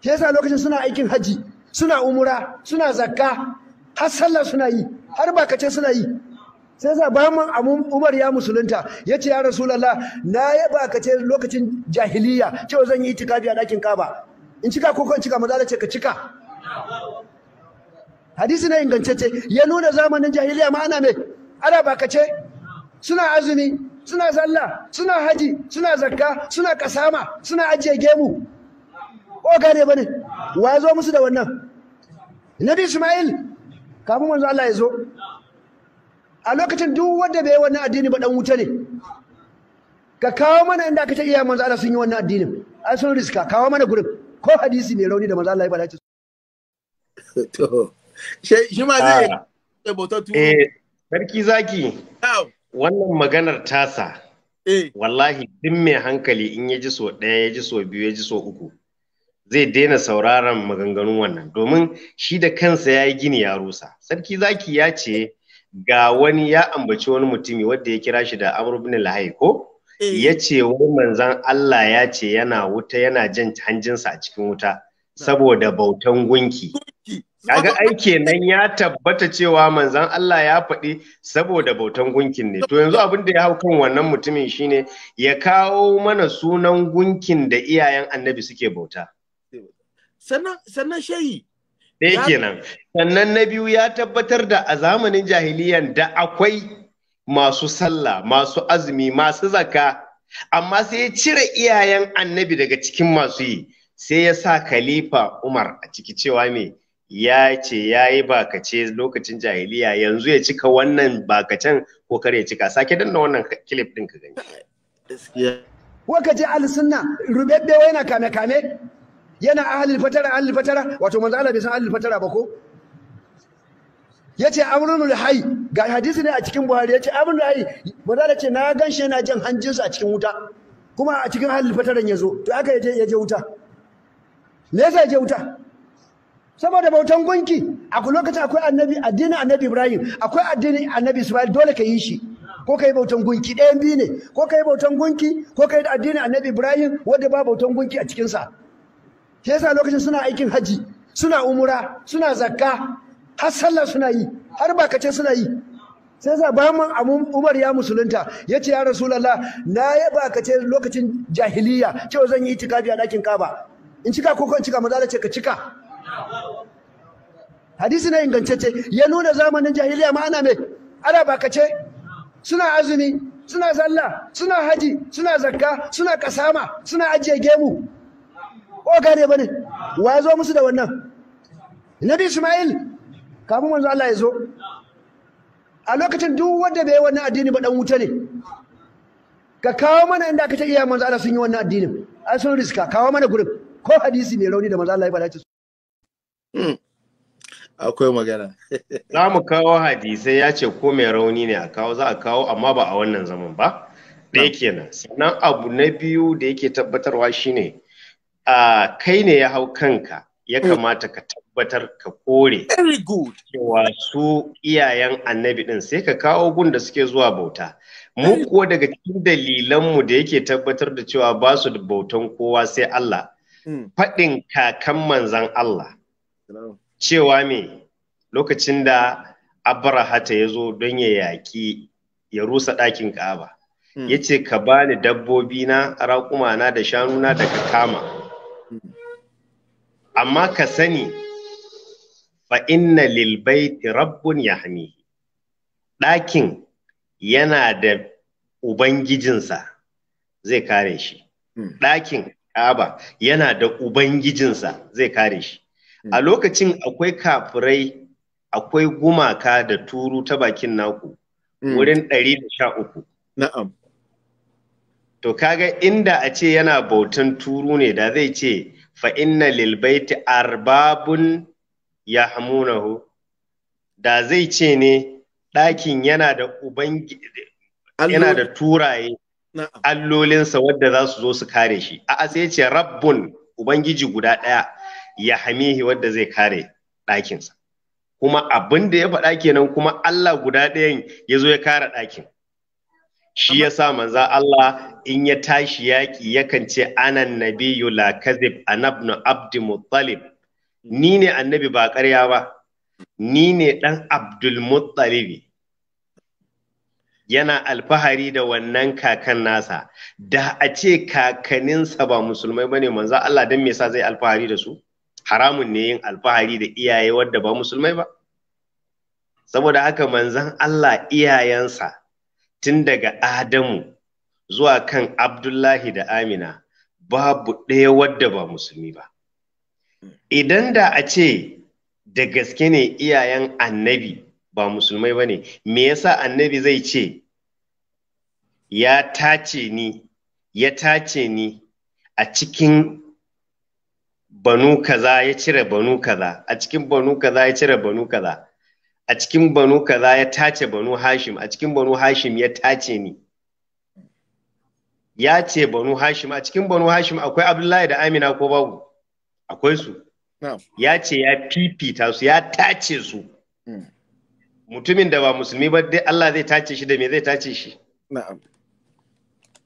shi yasa lokacin suna aikin haji suna umura suna zakka har sallah suna yi har bakace suna yi sai sa baman abun umar ya musulunta ya ce ya rasulallah na ya bakace lokacin jahiliya cewa zan yi itikafi a ɗakin kaba in cika ko in cika maza ce ka cika hadisi na ce ya nuna zamanin jahiliya ma ana mai ana bakace suna azumi suna zalla suna haji suna zakka suna kasama suna ajiye gemu ko gane bane wa zo musu da wannan nabi ismail kafin manzo Allah ya zo a lokacin duk wanda bai wannan addini ba dan wuta ne ka kawo mana inda aka ta iya manzo Allah sun yi wannan addinin ai sun riska kawo mana gurin ko hadisi mai rauni da manzo Allah ya bada to shi ma zai ah. eh sarki zaki wannan maganar tasa eh. wallahi duk mai hankali in ya ji so ɗaya ya ji so biyu ya ji so uku zai daina sauraron maganganun wannan domin shi da kansa ya yi gini ya rusa sarki zaki ya ce ga wani ya ambaci wani mutumi wadda ya kira shi da Amurbin lahai ko eh. ya ce wani manzan Allah ya ce yana wuta yana jan hanjinsa a cikin wuta saboda bautan gunki kaga aike nan ya tabbata cewa manzan Allah ya faɗi saboda bautan gunkin ne to yanzu abin da ya hau kan wannan mutumin shine ya kawo mana sunan gunkin da iyayen annabi suke bauta sannan shayi? ɗaya kenan sannan na biyu ya tabbatar da a zamanin jahiliyan da akwai masu sallah masu azumi masu zaka amma sai ya cire iyayen annabi daga cikin masu yi sai ya sa khalifa umar a ciki cewa me ya ce ya yi bakace lokacin jahiliya yanzu ya cika wannan bakacen ko kare ya cika sake danna wannan kilif ɗin ka gani waka je alisunna rubebbe na kame kame yana ahlul fatara ahlul fatara wato manzo Allah bai san ahlul fatara ba ko yace amrunul hayy ga hadisi ne a cikin Buhari yace amrunul hayy manzo Allah ce na ganshi yana jan sa a cikin wuta kuma a cikin ahlul fataran yazo to aka yaje yaje wuta me yasa yaje wuta saboda bautan gunki a lokacin akwai annabi addinin annabi Ibrahim akwai addinin annabi Ismail dole ka yi shi ko kai bautan gunki ɗayan biyu ne ko kai bautan gunki ko kai addinin annabi Ibrahim wanda ba bautan gunki a cikin sa ke yasa lokacin suna aikin haji suna umura suna zakka har sallah suna yi har bakace suna yi sai sa bayan amun umar ya musulunta ya ce ya rasulallah na ya bakace lokacin jahiliya cewa zan yi itikafi a ɗakin kaba in cika ko in cika maza ce ka cika hadisi na ingantacce ya nuna zamanin jahiliya ma ana mai ana bakace suna azumi suna zalla suna haji suna zakka suna kasama suna ajiye gemu ko ba ne, wa ya zo musu da wannan nabi isma'il kafin wanzu Allah ya zo a lokacin duk wanda bai wannan addini ba dan wuta ne ka kawo mana inda aka ta iya manzu Allah sun yi wannan addinin ai sun riska kawo mana gurin ko hadisi mai rauni da manzu Allah ya bada su akwai magana za mu kawo hadisai ya ce ko mai rauni ne a kawo za a kawo amma ba a wannan zaman ba yake kenan sannan abu na biyu da yake tabbatarwa shine uh, kai ne ya hau kanka ya mm. kamata ka tabbatar ka kore cewa su iyayen annabi din sai ka kawo gun da suke zuwa bauta mu kuwa daga cikin dalilanmu da yake tabbatar da cewa ba su da bautan kowa sai Allah mm. faɗin kakan manzan Allah cewa me lokacin da abrahata ya zo don ya yaƙi ya rusa ɗakin ƙaba? Mm. ya ce ka bani dabbobina, raƙumana, raƙuma da shanuna da ka kama amma ka sani fa inna lil baiti rabbun yahmihi ɗakin yana da ubangijinsa zai kare shi hmm. ɗakin Ka'aba yana da ubangijinsa zai kare shi hmm. a lokacin akwai kafurai akwai gumaka da turu ta bakin naku hmm. wurin 113 na'am to kaga inda a ce yana bautan turu ne da zai ce fa inna lil baiti arbabun hamunahu da zai ce ne ɗakin yana da ubangiji yana da turaye allolinsa wadda za su zo su kare shi a sai ce rabbun ubangiji guda ɗaya ya hamihi wadda zai kare ɗakinsa kuma abin ya faɗa kenan kuma Allah guda ɗayan ya zo ya kare ɗakin shi ya sa manza Allah in ya tashi yaƙi yakan ce anan nabiyu la kazib anabnu abdi muttalib ni ne annabi ba ƙarya ba ni ne ɗan abdul muttalibi yana alfahari da wannan kakan nasa da a ce kakaninsa ba musulmai ba ne, manza Allah dan me yasa zai alfahari da su haramun ne yin alfahari da iyaye wadda ba musulmai ba saboda haka manzan Allah iyayensa tun daga Adamu zuwa kan Abdullahi da Amina babu ɗaya wadda ba musulmi ba. Idan da a ce da gaske ne iyayen annabi ba musulmai ba ne, me yasa annabi zai ce, ya tace ni, ya tace ni a cikin banu kaza ya cire banu kaza, a cikin banu kaza ya cire banu kaza. a cikin banu kaza ya tace banu hashim a cikin banu hashim ya tace ni ya ce banu hashim a cikin banu hashim akwai abdullahi da amina ko babu akwai su ya ce ya fifita su ya tace su hmm. mutumin da ba musulmi ba dai Allah zai tace shi da me zai tace shi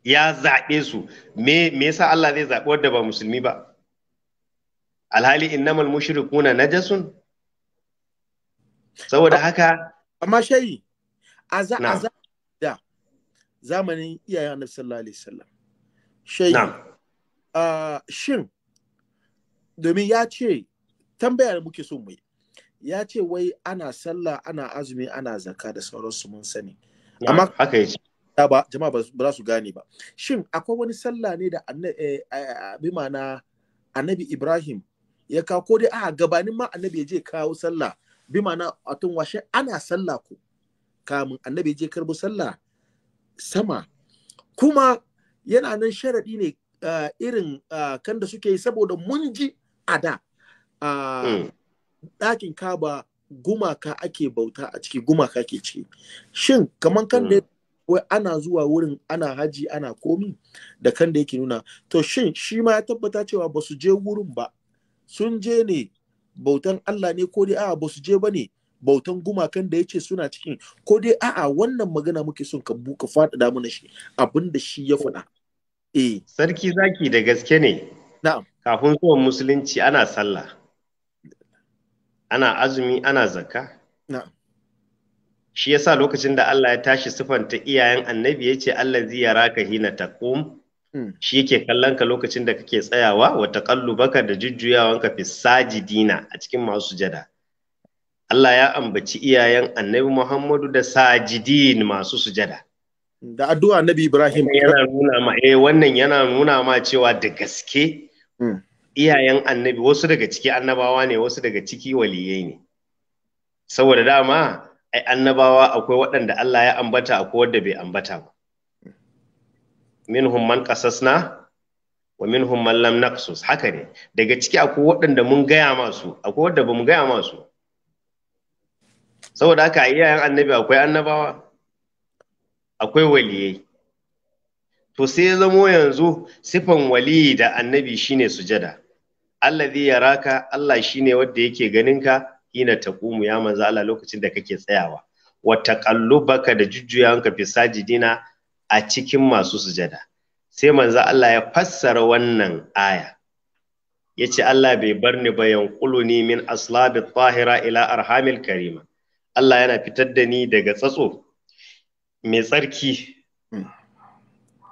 ya zaɓe su me me yasa Allah zai zaɓi wanda ba musulmi ba alhali innamal mushrikuna najasun saboda haka amma shayi a za a za da zamanin iyayen annabi sallallahu alaihi wasallam shayi shin domin ya ce tambaya da muke so mu yi ya ce wai ana sallah ana azumi ana zakka da sauransu mun sani amma haka yace ba jama'a ba za su gane ba shin akwai wani sallah ne da annabi eh, annabi Ibrahim ya kawo ko dai a gabanin ma annabi ya je kawo sallah bi ma'ana atun washe ana sallah ku kamun annabi je karbo sallah sama kuma yana nan sharadi ne uh, irin uh, kan da suke yi saboda mun ji a da uh, mm. kaba gumaka ake bauta a ciki gumaka ke ciki shin kaman kan da hmm. wai ana zuwa wurin ana haji ana komi da kan da yake nuna to shin shi ma ya tabbata cewa ba su je wurin ba sun je ne bautan Allah ne ko dai a'a ba su je ba ne bautan gumakan da ya ce suna cikin ko dai a'a wannan magana muke son ka buka faɗaɗa mana shi abin da shi ya faɗa. Eh. Sarki zaki da gaske ne. Na'am. Kafin zuwan musulunci ana sallah. Ana azumi ana zakka. Na'am. Shi yasa lokacin da Allah ya tashi sifanta iyayen annabi yace Allah zai yara ka hina taqum Hmm. shi yake kallon ka lokacin da kake tsayawa kallu baka da jujjuyawanka fi sajidina a cikin masu sujada Allah ya ambaci iyayen Annabi Muhammadu da sajidin masu sujada da addu'a Annabi Ibrahim yana eh wannan yana nuna ma cewa da gaske hmm. iyayen Annabi wasu daga ciki annabawa ne wasu daga ciki waliyai ne saboda dama ai annabawa akwai waɗanda Allah ya ambata akwai wanda bai ambata ba minhum man qasasna wa minhum man lam naqsus haka ne daga ciki akwai waɗanda mun gaya masu akwai wanda bamu gaya masu saboda haka a iyayen annabi akwai annabawa akwai waliyai to sai zamo yanzu sifan waliyi da annabi shine sujada allazi yaraka Allah shine wanda yake ganinka hina taqumu ya manzo Allah lokacin da kake tsayawa wa taqallubaka da jujjuyanka fi sajidina a cikin masu sujada sai manzo Allah ya fassara wannan aya ya ce Allah bai bar ni ba yanquluni min aslabi tahira ila arhamil karima Allah yana fitar da ni daga tsatso mai tsarki hmm.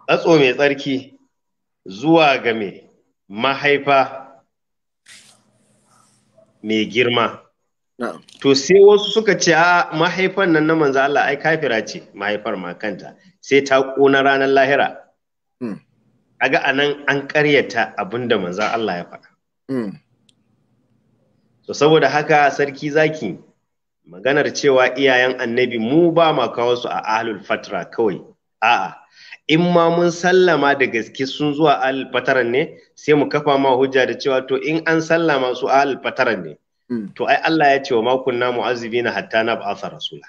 tsatso mai tsarki zuwa ga mai mahaifa mai girma To sai wasu suka ce a mahaifan nan na manzo Allah ai kafira ce mahaifar ma kanta sai ta ƙona ranar lahira hmm. a ga anan an ƙaryata abin da manzan Allah ya faɗa hmm. so saboda haka sarki zaki maganar cewa iyayen annabi mu ba ma kawo su a ahlul fatra kawai a'a in ma mun sallama da gaske sun zuwa ahlul fataran ne sai mu kafa ma hujja da cewa to in an sallama su ahlul fataran ne hmm. to ai Allah ya ce wa makon ma azubi na hatta na ba'asa rasula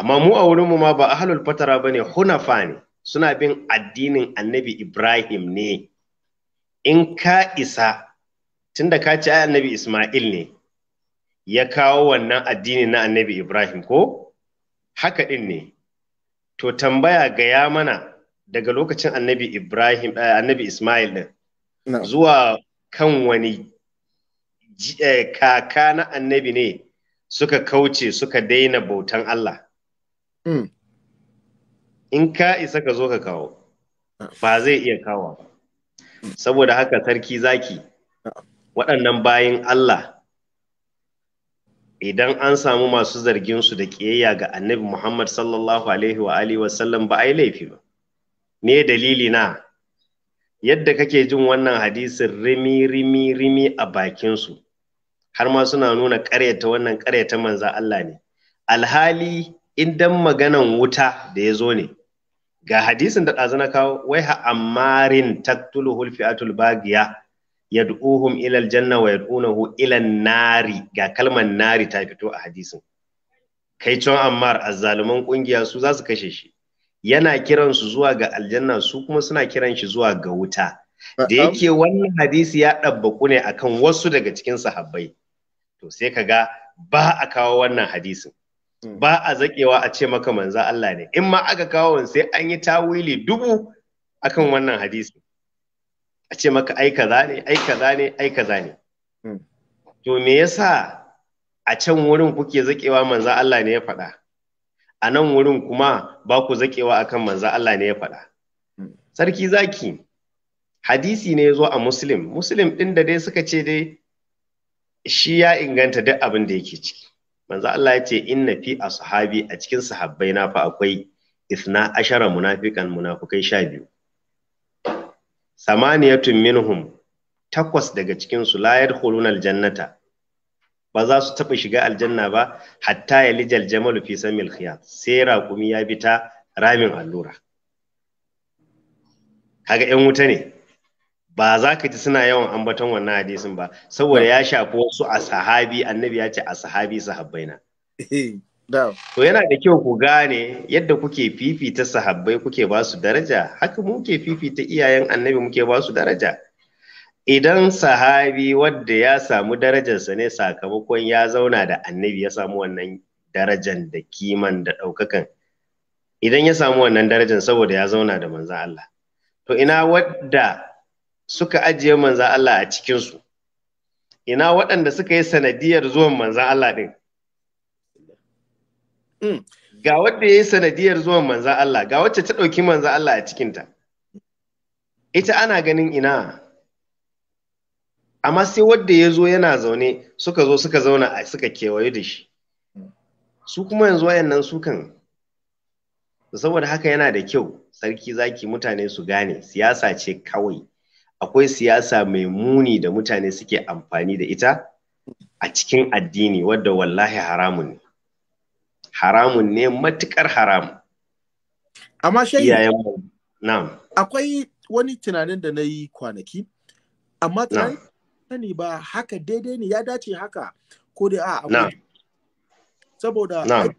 amma mu a wurin mu ma ba ahlul fatara bane hunafa ne suna bin addinin annabi Ibrahim ne in ka isa tunda ka ci annabi Ismail ne ya kawo wannan addini na annabi Ibrahim ko haka ɗin ne to tambaya gaya mana daga lokacin annabi Ibrahim eh, annabi Ismail din zuwa kan wani eh, kaka na annabi ne suka kauce suka daina bautan Allah Hmm. in ka isa ka zo ka kawo ba zai iya kawo ba saboda haka sarki zaki waɗannan bayan Allah idan an samu masu zargin su da ƙiyayya ga annabi Muhammad sallallahu alaihi wa alihi wa sallam ba ai laifi ba me dalili na yadda kake jin wannan hadisin rimi rimi rimi a bakinsu, har ma suna nuna ƙaryata wannan ƙaryata manza Allah ne alhali in maganan wuta da ya zo ne ga hadisin da ɗazu na kawo wai ha ammarin taktuluhul fi'atul bagiya yad'uhum ila aljanna wa yad'unahu ila nari ga kalmar nari ta fito a hadisin kai can ammar azzaluman kungiya su za su kashe shi yana kiran su zuwa ga aljanna su kuma suna kiran shi zuwa ga wuta da yake wannan hadisi ya ɗabbaku ne akan wasu daga cikin sahabbai to sai ka ga ba a kawo wannan hadisin Hmm. ba a zakewa a ce maka manzan Allah ne in ma aka kawo sai an yi tawili dubu akan wannan hadisi a ce maka ai kaza ne ai kaza ne ai kaza ne hmm. to me yasa a can wurin kuke zakewa manzan Allah ne ya faɗa a nan wurin kuma ba ku zakewa akan manzan Allah ne ya faɗa hmm. sarki zaki hadisi ne ya zo a muslim muslim ɗin da dai suka ce dai shi ya inganta duk abin da yake ciki manzo Allah ya ce inna fi ashabi a cikin sahabbai na fa akwai isna ashara munafiqan munafikai sha biyu samaniyatun minhum takwas daga cikin su la yadkhuluna aljannata ba za su taba shiga aljanna ba hatta ya yalijal jamalu fi samil khiyat sai raƙumi ya bi ta ramin allura kaga yan wuta ne ba za ka ji suna yawan ambaton wannan hadisin ba saboda ya shafi wasu a sahabi annabi ya ce a sahabi sahabbai na to yana da kyau ku gane yadda kuke fifita sahabbai kuke ba su daraja haka muke fifita iyayen annabi muke ba su daraja idan sahabi wadda ya samu darajarsa ne sakamakon ya zauna da annabi ya samu wannan darajan da kiman da ɗaukakan idan ya samu wannan darajan saboda ya zauna da manzan Allah to ina wadda suka ajiye manzan Allah a cikinsu ina waɗanda suka yi sanadiyar zuwan manzan Allah ɗin hmm. ga wadda ya yi sanadiyar zuwan manzan Allah ga wacce ta ɗauki manzan Allah a cikinta ita ana ganin ina amma sai wadda ya zo yana zaune suka zo suka zauna suka kewaye da shi su kuma yanzu wayannan sukan saboda haka yana da kyau sarki zaki mutane su gane siyasa ce kawai akwai siyasa mai muni da mutane suke amfani da ita a cikin addini wadda wallahi haramun ne haramun ne matukar haramun amma shayi akwai wani tunanin da na yi kwanaki amma tunanin sani ba haka daidai ne ya dace haka ko dai a saboda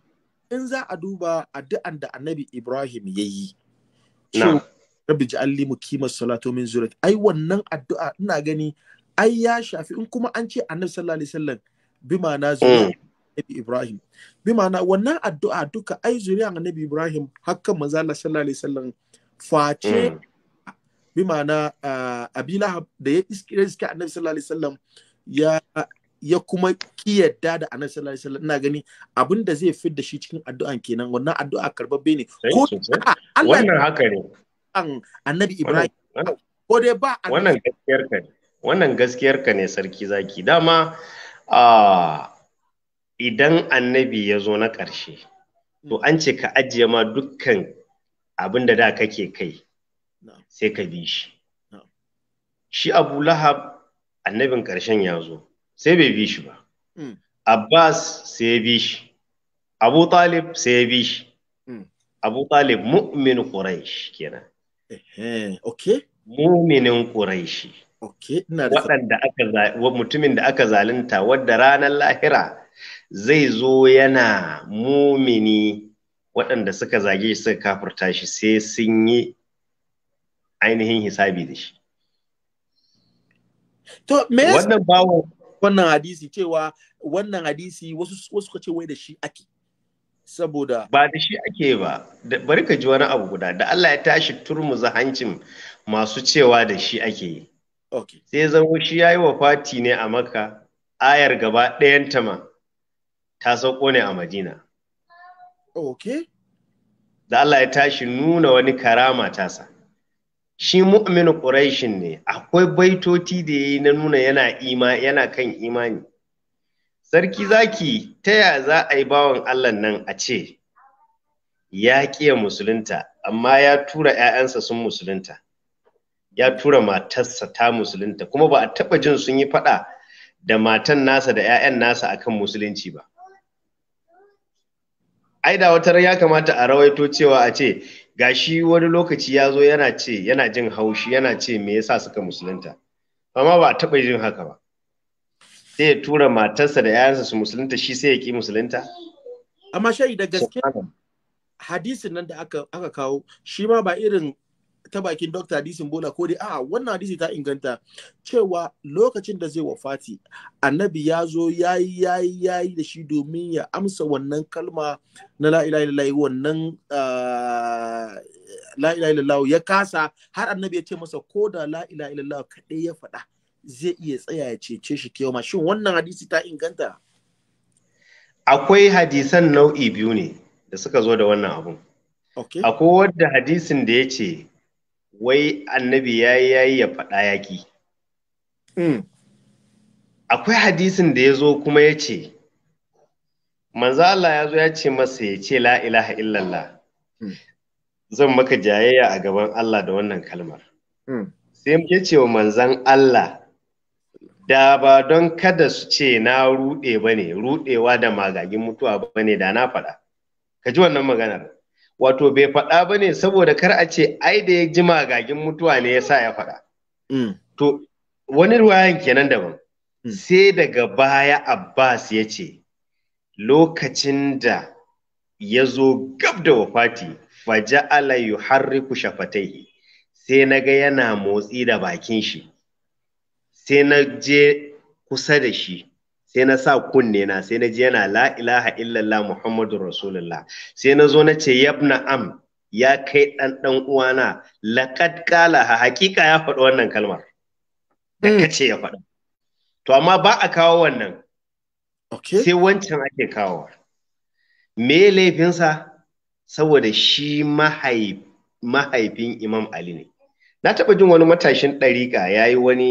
in za a duba addu'an da annabi ibrahim ya yi rabbi ja'alli muqimas salatu min zurat ai wannan addu'a ina gani ai ya shafi in kuma an ce annabi sallallahu alaihi wasallam bima na zuri mm. annabi Ibrahim. Bi ma'ana wannan addu'a duka ai zuriya annabi Ibrahim hakan manzo Allah sallallahu alaihi wasallam face mm. bi ma'ana Abila da ya iske annabi sallallahu alaihi wasallam ya ya kuma kiyarda da annabi sallallahu alaihi wasallam ina gani abin da zai fidda shi cikin addu'an kenan wannan addu'a karbabbe ne ko wannan haka ne kan annabi Ibrahim. Ko dai ba Wannan gaskiyar ka ne. Wannan gaskiyar ka ne sarki zaki. Dama idan annabi ya zo na ƙarshe, to hmm. an ce ka ajiye ma dukkan abin da da kake kai sai ka bi shi. Shi Abu Lahab annabin ƙarshen ya zo, sai bai bi shi ba. Hmm. Abbas sai ya bi shi. Abu Talib sai bi shi. Hmm. Abu Talib mu'min quraish kenan. muminin ƙuraishi waɗanda aka mutumin da aka zalunta wadda ranar lahira zai zo yana mumini waɗanda suka zage shi suka kafurta shi sai sun yi ainihin hisabi da shi to me wannan bawo wannan hadisi cewa wannan hadisi wasu suka ce wai da shi ake saboda ba da shi ake ba bari ka ji wani abu guda da Allah ya tashi turmuza hancin masu cewa da shi ake yi okay. sai zama shi ya yi fati ne a makka ayar gaba ɗayan tama ta sauko ne a madina da Allah ya tashi nuna wani karama tasa shi mu'minu ƙuraishin ne akwai baitoti da ya yi na nuna yana yana kan imani Sarki zaki ta ya za a yi bawan Allah nan a ce, ya ƙiya musulunta, amma ya tura ‘ya'yansa sun musulunta, ya tura matarsa ta musulunta, kuma ba a taɓa jin sun yi faɗa da matan nasa da ‘ya'yan nasa akan musulunci ba. Ai da wata ya kamata a rawaito cewa a ce, gashi wani lokaci ya zo yana ce, yana jin haushi, yana ce me yasa suka musulunta, amma ba a taɓa jin haka ba. sai ya tura matarsa da yayansa su musulunta shi sai ya ki musulunta amma shayi da gaske hadisin nan da aka kawo shi ma ba irin ta bakin dokta hadisin bola ko dai a'a wannan hadisi ta inganta cewa lokacin da zai wafati annabi ya zo ya yi ya yi da shi domin ya amsa wannan kalma na la wannan ah, la ya kasa har annabi ya ce masa ko da la ya faɗa zai iya tsaya ya cece shi kiyoma shin wannan hadisi ta inganta akwai hadisan nau'i biyu ne da suka zo da wannan abun akwai wadda hadisin da ya ce wai annabi ya yi ya yi ya faɗa yaƙi mm. akwai hadisin da ya zo kuma ya ce manzo Allah ya zo ya ce masa ya ce la ilaha illallah mm. zan maka jayayya a gaban Allah da wannan kalmar mm. sai ya ce wa manzan Allah da ba don kada su ce na ruɗe ba ne ruɗewa da magagin mutuwa ba ne da na faɗa ka ji wannan maganar wato bai faɗa ba ne saboda kar a ce ai da ya ji magagin mutuwa ne ya sa ya faɗa mm. to wani ruwayan kenan daban mm. sai daga baya abbas ya ce lokacin da ya zo gab da wafati faja'ala yuharriku shafataihi sai na ga yana motsi da bakin shi sai na je kusa da shi sai na sa kunne na sai na je yana la ilaha illallah muhammadu rasulullah sai na zo na ce yabna am ya kai dan dan uwana laqad qala ha hakika ya faɗi wannan kalmar da hmm. kace ya faɗa to amma ba a kawo wannan okay. sai wancan ake kawo me laifinsa saboda shi mahaifin imam ali ne na taɓa jin wani matashin ɗariƙa ya yi wani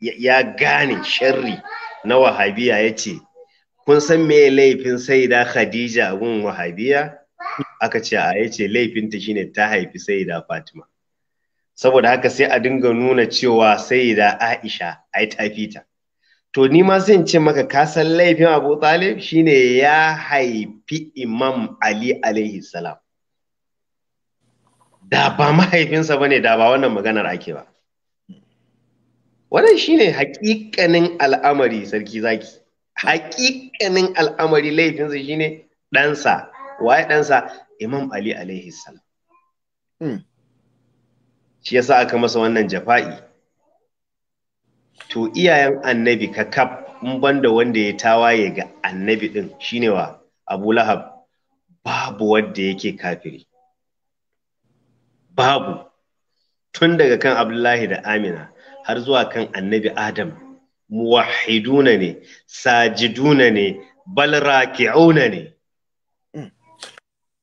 ya gane sharri na wahabiya ya ce kun san me laifin saida khadija gun wahabiya aka ce a ya ce laifinta shine ta haifi saida fatima saboda haka sai a dinga nuna cewa saida aisha a ta tafita. to ni ma zan ce maka kasan laifin abu talib shine ya haifi imam ali alaihi salam da ba mahaifinsa bane da ba wannan maganar ake ba wannan shine hakikanin al'amari sarki zaki Haƙiƙanin al'amari laifinsa shine ɗansa waye ɗansa imam ali alaihi salam hmm. shi yasa aka masa wannan jafa'i to iyayen annabi ka kaf in banda wanda ya tawaye ga annabi din shine wa abu lahab babu wanda yake kafiri babu tun daga kan abdullahi da amina har zuwa kan annabi adam muwahiduna ne sajiduna ne bal ne hmm.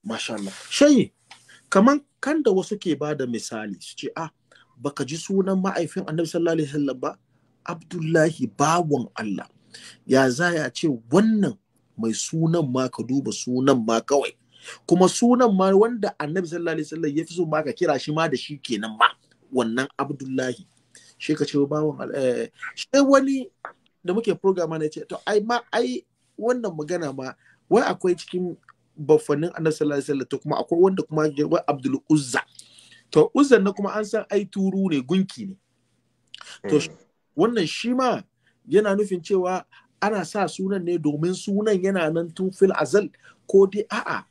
masha Allah shayi kaman kan da wasu ke ba da misali su ce ah baka ji sunan ma'aifin annabi sallallahu alaihi wasallam ba abdullahi bawon Allah ya zaya ce wannan mai sunan ma ka duba sunan ma kawai kuma sunan ma wanda annabi sallallahu alaihi wasallam ya fi so ma ka kira shi ma da shi kenan ma wannan abdullahi shi ka ce bawan eh, shi wani da muke programa na ce to ai ma ai wannan magana ma wai akwai cikin baffanin annabi sallallahu alaihi kuma akwai wanda kuma wai Abdul Uzza to Uzza na kuma an san ai turu ne gunki ne to hmm. wannan shi ma yana nufin cewa ana sa sunan ne domin sunan yana nan tun fil azal ko dai a'a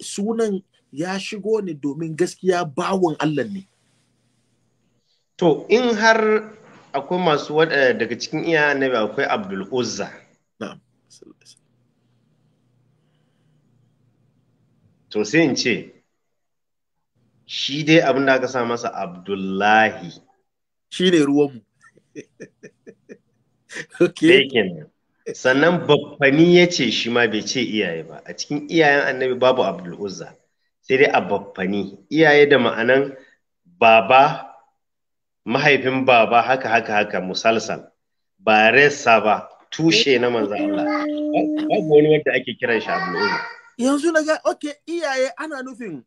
sunan ya shigo ne domin gaskiya bawon Allah ne to in har akwai masu eh, daga cikin iya annabi akwai abdul uzza to sai in ce shi dai abin da aka sa masa abdullahi shi ne ruwanmu Lekin, sannan babbani ya ce shi ma bai ce iyaye ba a cikin iyayen annabi babu abdul uzza sai dai a babbani iyaye da ma'anan baba mahaifin baba haka haka haka musalsal ba resa ba tushe na manzo Allah babu wani wanda ake kiran shi abu yanzu na ga okay iyaye ana nufin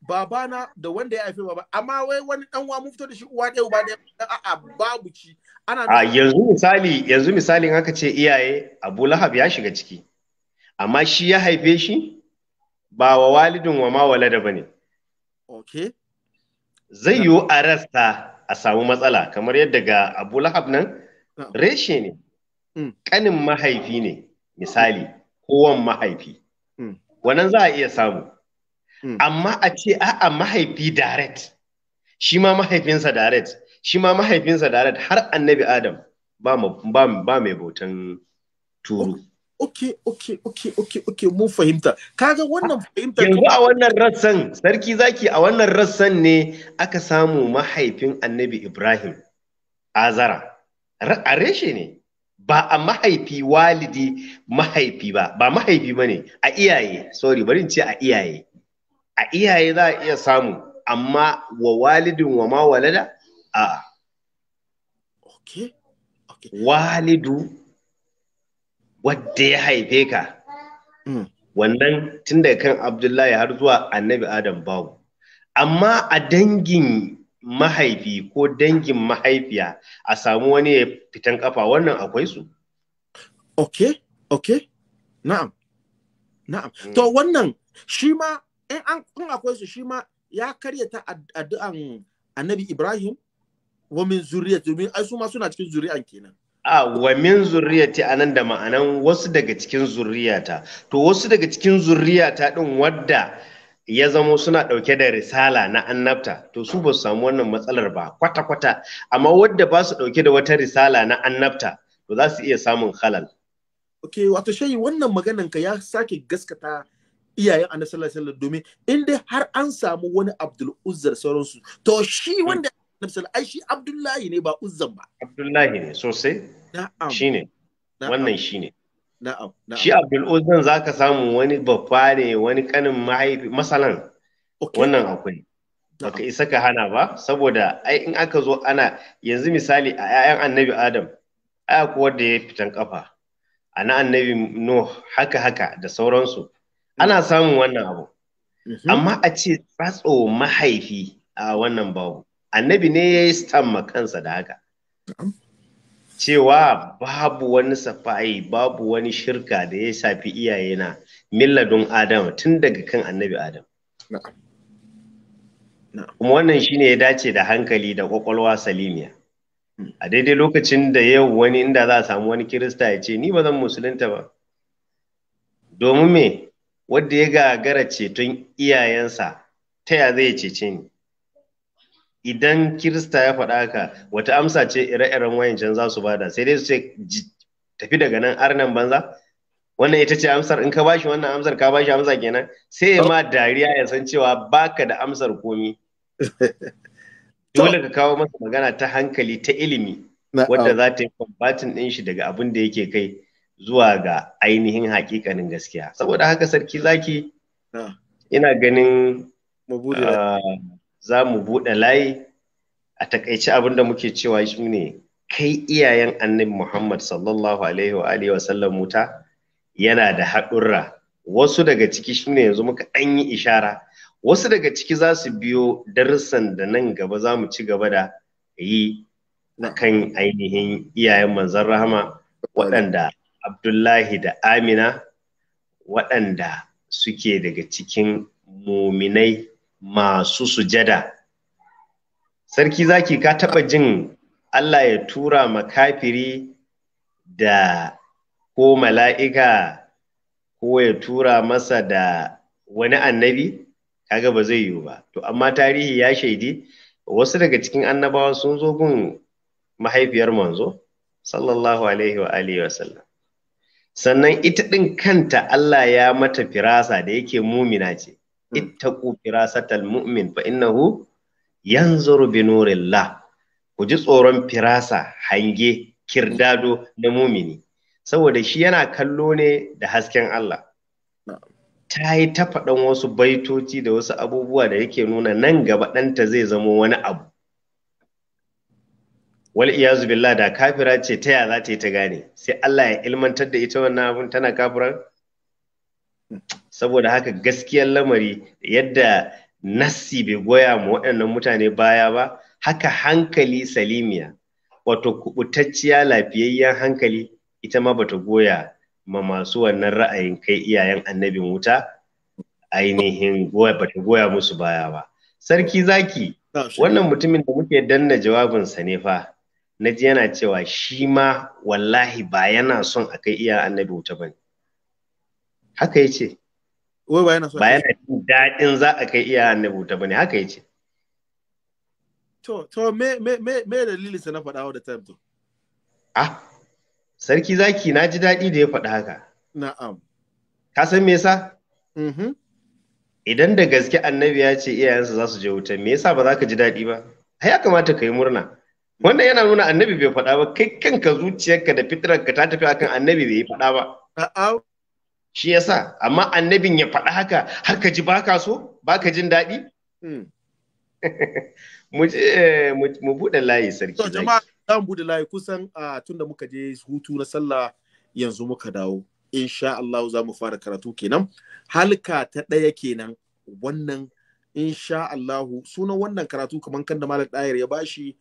babana da wanda ya haife baba amma wai wani dan wa mu fito da shi uwa da uba ɗaya a babu ci ana a yanzu misali yanzu misalin haka ce iyaye Abu Lahab ya shiga ciki amma shi ya haife shi ba wa walidin wa ma walada bane okay zai yiwu a rasta a samu matsala kamar yadda ga abu lahab nan reshe ne kanin mm. mahaifi ne misali kowan mahaifi mm. wannan za a iya samu mm. amma a ce a'a mahaifi direct shi ma mahaifinsa direct shi ma mahaifinsa direct har annabi adam ba mai bautan turu ok ok ok ok ok mun fahimta kaga wannan fahimta yanzu a wannan rassan sarki zaki a wannan rassan ne aka samu mahaifin annabi ibrahim azara a reshe ne ba a mahaifi walidi mahaifi ba ba mahaifi ba ne a iyaye sorry bari ce a iyaye a iyaye za a iya samu amma wa walidin wa ma walada a okay. okay. walidu wadda ya haife ka hmm. wannan tun daga kan abdullahi har zuwa annabi adam babu amma a dangin mahaifi ko dangin mahaifiya a samu wani ya fitan kafa wannan akwai su ok ok na'am na'am hmm. to wannan shi ma in an akwai su shi ma ya karyata addu'an annabi ibrahim wa min zuriyatu min ai su ma suna cikin zuri'an kenan a wa min zurriyati nan da ma'anan wasu daga cikin zurriyata to wasu daga cikin zurriyata din wadda ya zamo suna ɗauke da risala na annabta to su ba su samu wannan matsalar ba kwata-kwata amma wadda ba su ɗauke da wata risala na annabta to za su iya samun halal. Ok, wato shayi wannan maganan ka ya sake gaskata iyayen annabi sallallahu alaihi domin in dai har an samu wani Abdul Uzzar sauransu to shi hmm. wanda annabi ai shi Abdullahi ne ba Uzzan ba. Abdullahi ne sosai. shine wannan shine na'am shi Abdul Uzan ka samu wani babba ne wani kanin mahaifi masalan wannan akwai baka isa ka hana ba saboda ai in aka zo ana yanzu misali a 'ya'yan annabi Adam ai akwai wanda ya fitan kafa a na annabi Nuh haka haka da sauransu ana samun wannan abu mhm. amma a ce tsatso mahaifi a wannan babu annabi ne ya yi kansa da haka cewa babu wani safa'i babu wani shirka da ya shafi iyayena milladun adam tun daga kan annabi adam kuma wannan shine ya dace da hankali da kwakwalwa salimiya a daidai lokacin da yau wani inda za a samu wani kirista ya ce ni ba zan musulunta ba domin me wadda ya gagara ceton iyayensa ta ya zai cece ni idan kirista ya faɗa haka wata amsa ce ire-iren wayancan za su bada sai dai su ce tafi daga nan arnan banza wannan ita ce amsar in ka bashi wannan amsar ka bashi amsa kenan sai ma dariya ya san cewa baka da amsar komi dole ka kawo masa magana ta hankali ta ilimi wadda za ta yi kwambatin ɗin shi daga abin da yake kai zuwa ga ainihin hakikanin gaskiya saboda haka sarki zaki ina ganin za mu buɗe layi a takaice abin da muke cewa shi ne kai iyayen annabi Muhammad sallallahu alaihi wa alihi wa sallam muta yana da haɗurra wasu daga ciki shi ne yanzu muka ɗan yi ishara wasu daga ciki za su biyo darussan da nan gaba za mu ci gaba da yi na kan ainihin iyayen manzan rahama waɗanda abdullahi da amina waɗanda suke daga cikin muminai masu sujada sarki zaki ka taɓa jin Allah ya tura makafiri da ko mala'ika ko ya tura masa da wani annabi kaga ba zai yiwu ba to amma tarihi ya shaidi wasu daga cikin annabawa sun zo gun mahaifiyar manzo sallallahu alaihi wa wa sallam sannan ita ɗin kanta Allah ya mata firasa da yake mumina ce ittaku firasatal mu'min fa innahu yanzuru bi nurillah ku ji tsoron firasa hange kirdado na mumini saboda shi yana kallo ne da hasken Allah ta yi ta wasu baitoci da wasu abubuwa da yake nuna nan gaba ɗanta zai zamo wani abu wal iyazu billah da kafira ce ta ya za ta yi ta gane sai Allah ya ilmantar da ita wannan abun tana kafiran? saboda haka gaskiyar lamari yadda Nasi bai goya ma waɗannan mutane baya ba haka hankali salimiya wato kubutacciya lafiyayyen hankali ita ma bata goya ma masu wannan ra'ayin kai iyayen annabin wuta ainihin goya bata goya musu baya ba sarki zaki wannan mutumin da muke danna jawabinsa ne fa na ji yana cewa shi ma wallahi ba yana son a kai iyayen annabi wuta bane haka ya ce wai ba yana so ba yana jin daɗin za a kai iya annabu ta bane haka ya ce to to me me me me dalilin sa na faɗa wa da time to ah sarki zaki na ji daɗi da ya faɗa haka na'am ka san me yasa mhm idan da gaske annabi ya ce iyayensa za su je wuta me yasa ba za ka ji daɗi ba ya kamata ka yi murna wannan yana nuna annabi bai faɗa ba kai kanka zuciyarka da fitrarka ta tafi akan annabi bai faɗa ba shi yasa amma annabin ya faɗa haka har ka ji baka so baka jin daɗi hmm. eh, mu buɗe layi sarki to jama'a za mu buɗe layi kusan tunda muka je hutu na sallah yanzu muka dawo insha Allah za mu fara karatu kenan halka ta ɗaya kenan wannan insha Allah sunan wannan karatu kamar kan da Malam Dayar ya bashi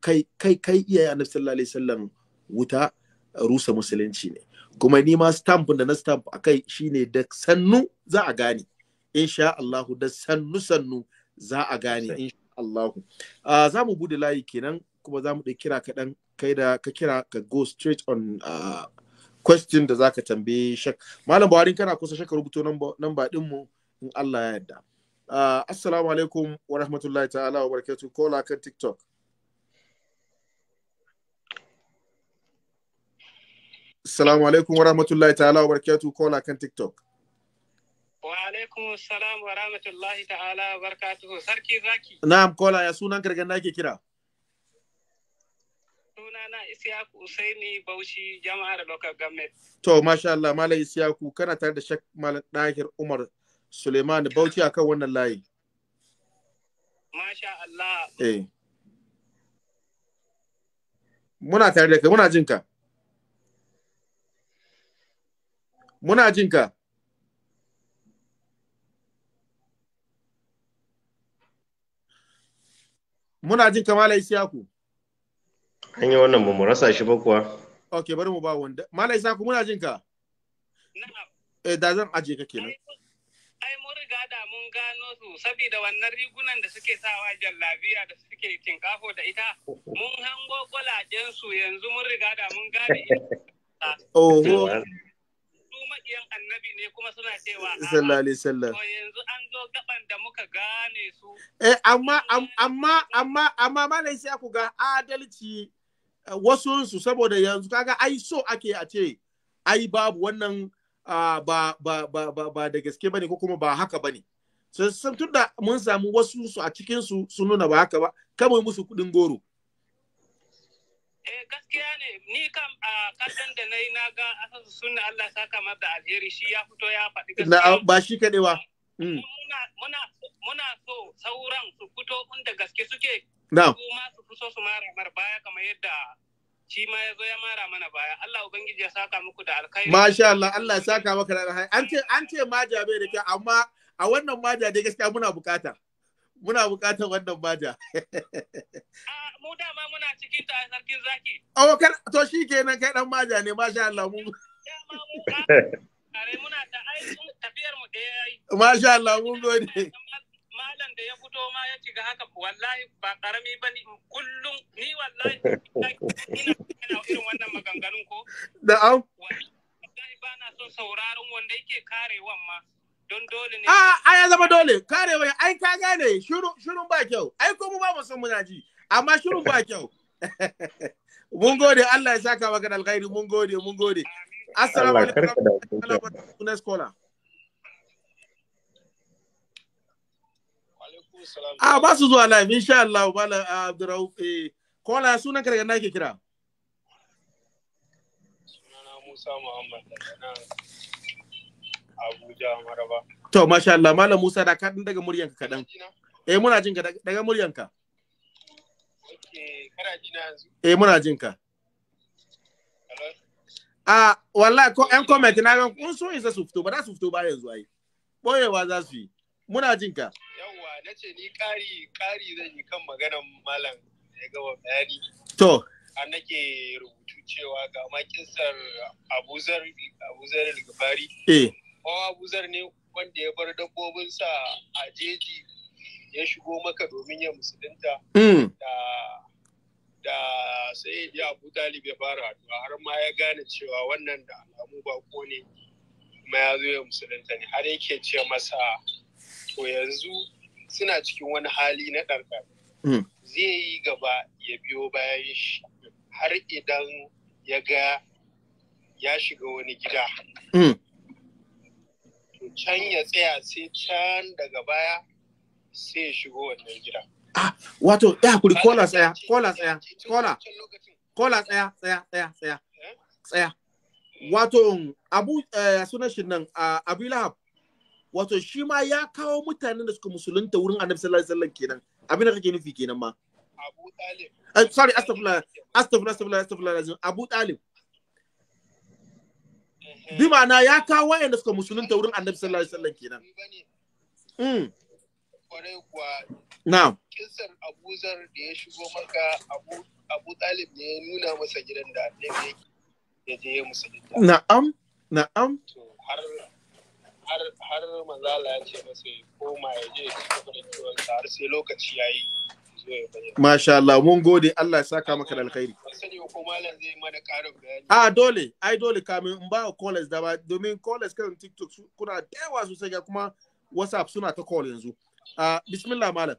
kai kai kai iyaye Annabi sallallahu alaihi wasallam wuta rusa musulunci ne kuma ni ma stamp da na stamp akai shine da sannu za a gane insha Allah da sannu sannu za a gane insha Allah uh, za mu bude layi kenan kuma za mu da kira kaɗan kai da ka kira ka go straight on uh, question da zaka tambaye shak malam buhari kana kusa shaka rubuto namba din mu in Allah ya yarda uh, assalamu alaikum wa rahmatullahi ta'ala wa barakatuh kola kan tiktok Assalamu alaikum wa rahmatullahi ta'ala wa barakatuhu kola kan TikTok. Wa alaikum salam wa rahmatullahi ta'ala wa barakatuhu sarki zaki. Na'am kola ya sunan karga da ake kira. na Isiyaku Usaini Bauchi jama'ar local government. To masha Allah Malam Isiyaku kana tare da Sheikh Malam Dahir Umar Suleiman Bauchi akan wannan layi. Masha Allah. Eh. Muna tare da kai muna jinka. ka. muna jin ka muna jin ka malai siyaku an yi wannan mu rasa shi ba kuwa ok bari mu ba wanda malai siyaku muna jin ka eh da zan ajiye ka kenan ai mun riga da mun gano su saboda wannan rigunan da suke sawa jallabiya da suke kafo da ita mun hango kwalajen su yanzu mun riga da mun gane Oh, makiyan annabi ne kuma suna cewa sallallahu alaihi wasallam to yanzu an zo gaban da muka gane su eh amma amma amma amma malai sai ku ga adalci eh, wasu su saboda yanzu kaga ai so ake a ce ai babu wannan ba ba ba ba ba da gaske bane ko kuma ba haka bane sun tunda mun samu wasu su a cikin su sun nuna ba haka ba kamar musu kudin goro Eh gaskiya ne ni kam a kallon da na yi na ga asasu sunna Allah saka mar da alheri shi ya fito ya faɗi gaskiya. Ba shi kaɗai ba. Hmm. Muna so sauran su fito inda gaske suke. Na. Kuma su fito su mara mar baya kamar yadda shi ma ya zo ya mara mana baya. Allah Ubangiji ya saka muku da alkhairi. Masha Allah Allah ya saka maka da alkhairi. An ce an ce maja bai da kyau amma a wannan maja dai gaskiya muna bukata. Muna bukatan wannan maja. Ah, mu dama muna cikin ta sarkin zaki. Oh, kar to shi kenan kai dan maja ne masha Allah mu. Tare muna ta aikin tafiyar mu da yayi. Masha Allah mun gode. Malam da ya fito ma ya shiga haka wallahi ba karami ba ni kullum ni wallahi ina irin wannan maganganun ko. Da au. Wallahi ba na son sauraron wanda yake karewan ma. don dole ne. A ah, a ya zama dole, karewa ai ka gane shirin ba kyau, ai ko mu ba mu san muna ji. amma shirin ba kyau mun gode Allah ya saka maka alkhairi mun gode mun gode assalamu alaikum sunan skola a ba su zuwa live insha Allah la Abdurrauf eh kola sunan ka daga na ke kira sunana Musa Muhammad Abuja Maraba to masha Allah malam Musa da kaɗan daga muryanka kaɗan eh muna jin ka daga muryanka Eh muna jin ka. A ah, wala ko ƴan comment na ga kun so isa su fito ba za su fito ba yanzu ai. Boyewa za su yi. Muna jin ka. Yawwa ce ni ƙari ƙari zan yi kan maganar malam da ya gaba bayani. To. A nake rubutu cewa ga makinsar Abuzar Abuzar Ligfari. Eh. Ko Abuzar ne wanda ya bar dabbobinsa a jeji ya shigo maka domin ya musulunta. Mm. Da da sai ya abu talib ya fara addu'a har ma ya gane cewa wannan da alamu ko ne kuma ya zo ya musulunta ne har yake ce masa to yanzu suna cikin wani hali na ɗarɗar hmm. zai yi gaba ya biyo bayan shi har idan ya ga ya shiga wani gida hmm. can ya tsaya sai can daga baya sai ya shigo wannan gida Ah, wato, ya hakuri kola tsaya, kola tsaya, kola, kola tsaya, tsaya, tsaya, tsaya, eh? tsaya. Wato, abu eh, sunan shi nan, uh, abu wato shi ma ya kawo mutanen da suka musulunta wurin annabi sallallahu alaihi wasallam kenan, abin da kake nufi kenan ma. Abu Talib. Uh, sorry, astaghfirullah. Astaghfirullah, astaghfirullah, astaghfirullah. Abu Talib. Eh, Bi ma'ana ya kawo wayanda suka musulunta wurin annabi sallallahu alaihi wasallam kenan. Mm. Kwarai kuwa na'am da ya shigo maka ne ya nuna masa gidan da na'am yayi Masha Allah, mun gode Allah ya saka maka da alkhairi. A dole, ai dole kamin in ba callers da ba domin callers kan TikTok kuna da yawa sosai kuma WhatsApp suna ta call yanzu. Bismillah malam.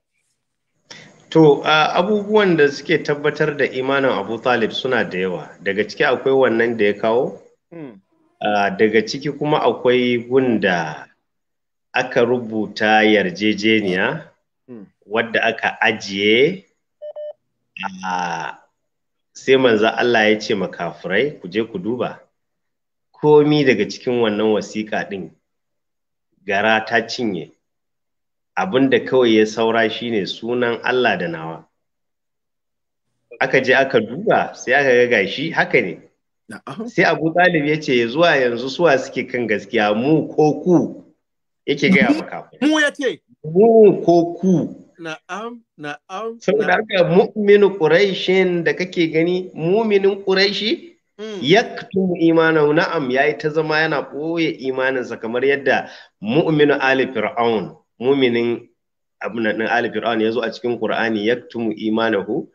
To abubuwan da suke tabbatar da imanin Abu Talib suna da yawa. Daga ciki akwai wannan da ya kawo? Hmm. daga ciki kuma akwai gunda aka rubuta yarjejeniya hmm. wadda aka ajiye sai manza Allah ya ce makafirai ku je ku duba. Komi daga cikin wannan wasiƙa ɗin gara ta cinye. abin da kawai ya saura shine sunan Allah da nawa aka je aka duba sai aka ga gashi haka ne sai abu talib ya ce zuwa yanzu suwa suke kan gaskiya mu ko ku yake gaya maka mu ya mu ko ku na'am na'am saboda haka mu'minu quraishin da kake gani mu'minin quraishi hmm. yaktumu imanahu na'am yayi ta zama yana ɓoye imaninsa kamar yadda mu'minu ali fir'aun muminin abin nan Ali Fir'aun ya zo a cikin Qur'ani yaktumu imanahu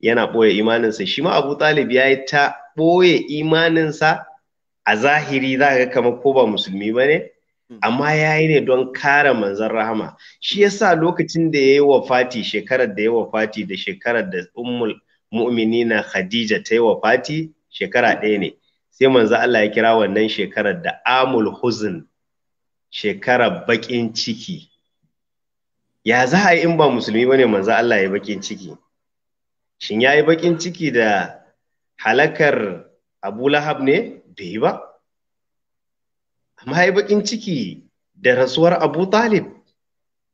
yana ɓoye imaninsa shi ma Abu Talib ya yi ta ɓoye imaninsa a zahiri za ga kamar ko ba musulmi ba ne amma ya yi ne don kare Manzon rahama shi yasa lokacin da ya yi wafati shekarar da ya wafati da shekarar da ummul mu'minina khadija ta yi wafati shekara ɗaya ne sai manzo Allah ya kira wannan shekarar da amul huzn shekarar baƙin ciki ya za a yi in ba musulmi ba ne manzo Allah ya bakin ciki shin ya yi bakin ciki da halakar abu lahab ne da yi ba amma ya yi bakin ciki da rasuwar abu talib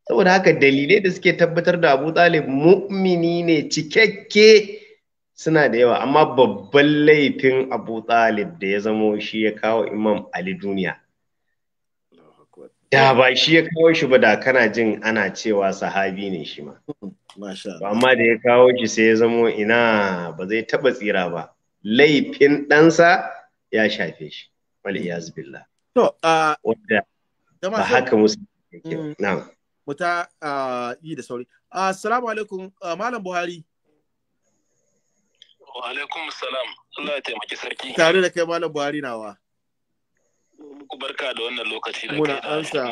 saboda haka dalilai da suke tabbatar da abu talib mu'mini ne cikakke suna da yawa amma babban laifin abu talib da ya zamo shi ya kawo imam ali duniya Ya ba shi ya kawo shi ba da kana jin ana cewa sahabi ne shi ma. Hmm, Amma da ya kawo shi sai ya zamo ina ba zai taɓa tsira ba. Laifin ɗansa ya shafe shi. Wali ya zubilla. To, Wanda ba haka musu yake ba. Hmm. Mu yi da sauri. Assalamu alaikum, Malam Buhari. Wa alaikum salam. Allah ya taimaki sarki. Tare da kai Malam Buhari nawa. muku barka da wannan lokaci da muna ansa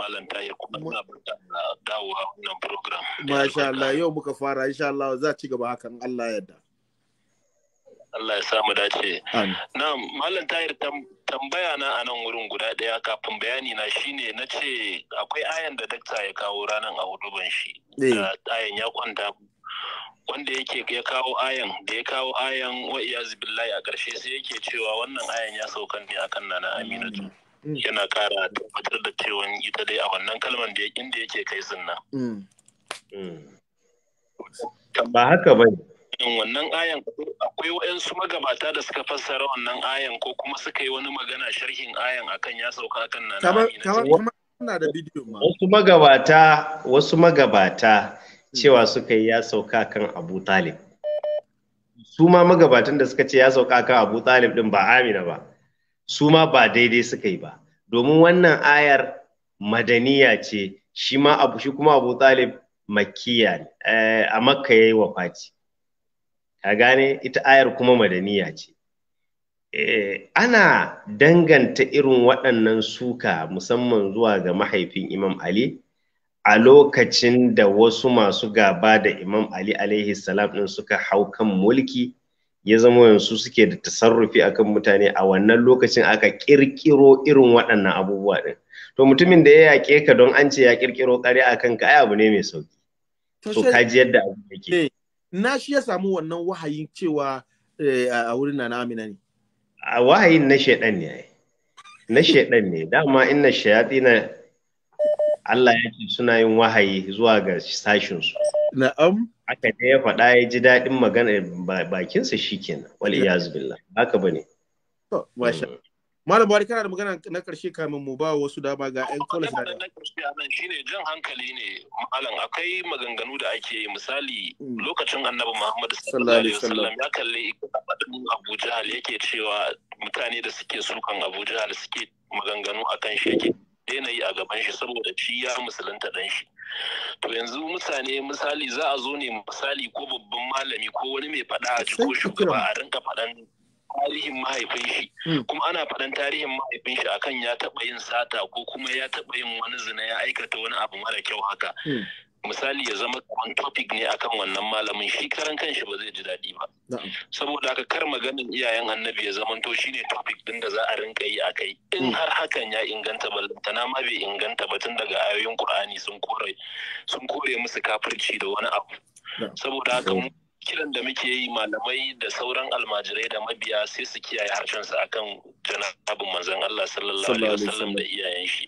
dawowa wannan program masha Allah yau muka fara insha Allah za ci gaba hakan Allah ya yarda Allah ya samu dace na malam tayar tambaya na a nan wurin guda ɗaya kafin bayani na shine na ce akwai ayan da dakta ya kawo ranar a huduban shi eh. ayan ya kwanta wanda yake ya kawo ayan da ya kawo ayan wa iyazu billahi a ƙarshe sai yake cewa wannan ayan ya sauka ne akan na aminatu Mm. yana kara tabbatar da cewa ita dai a wannan kalmar da inda yake kai sunna mm. Mm. ba haka ba wannan ayan akwai waɗansu magabata da suka fassara wannan ayan ko kuma suka yi wani magana sharhin ayan akan ya sauka kan nan wasu magabata wasu magabata cewa suka yi ya sauka kan Abu Talib su ma magabatan da suka ce ya sauka kan Abu Talib din ba Amina ba su ma ba daidai suka yi ba domin wannan ayar madaniya ce shi ma abu shi kuma abu talib makiya ne eh, a makka ya yi wafaci ka gane ita ayar kuma madaniya ce eh, ana danganta irin waɗannan suka musamman zuwa ga mahaifin imam ali a lokacin da wasu masu gaba da imam ali alaihi salam ɗin suka hau kan mulki ya zama yanzu suke da tasarrufi akan mutane a wannan lokacin aka kirkiro irin waɗannan abubuwa ɗin to mutumin da ya yaƙe ka don an ce ya kirkiro ƙarya a kanka ai abu ne mai sauki to ka ji yadda abu yake eh, na shi ya samu wannan wahayin cewa eh, a wurin na amina ne a wahayin na shaidan ne na shaidan ne dama inna shayatina Allah ya ce suna yin wahayi zuwa ga sashinsu. su Na'am. Aka da ya faɗa ya ji daɗin magana bakinsa shi kenan. Wal iyazu billah. Haka ba ne. Masha. Malam Buhari kana da magana na ƙarshe kamin mu ba wasu dama ga 'yan college da. Na ƙarshe a nan shine jan hankali ne malam akwai maganganu da ake yi misali mm. lokacin Annabi Muhammad sallallahu alaihi wasallam ya kalli ikabadin Abu Jahal yake cewa mutane da suke sukan Abu Jahal suke maganganu akan shi yake daina yi a gaban shi saboda shi ya musulunta dan shi. to yanzu mutane misali za a zo ne misali ko babban malami ko wani mai faɗa a ko shugaba a rinka faɗan tarihin mahaifin shi hmm. kuma ana faɗan tarihin mahaifin shi akan ya taba yin sata ko kuma ya taba yin wani zina ya aikata wani abu mara kyau haka hmm. misali ya zama kaman topic ne akan wannan malamin shi karan kanshi ba zai ji daɗi ba saboda haka kar maganin iyayen annabi ya zamanto shine topic din da za a rinka yi a kai in mm. har hakan ya inganta ballantana ma bai inganta ba tun daga ayoyin qur'ani sun kore sun kore musu kafirci da wani abu saboda haka kiran da muke yi malamai da sauran almajirai da mabiya sai su kiyaye harshensu akan janabin manzon Allah sallallahu alaihi wasallam da iyayen shi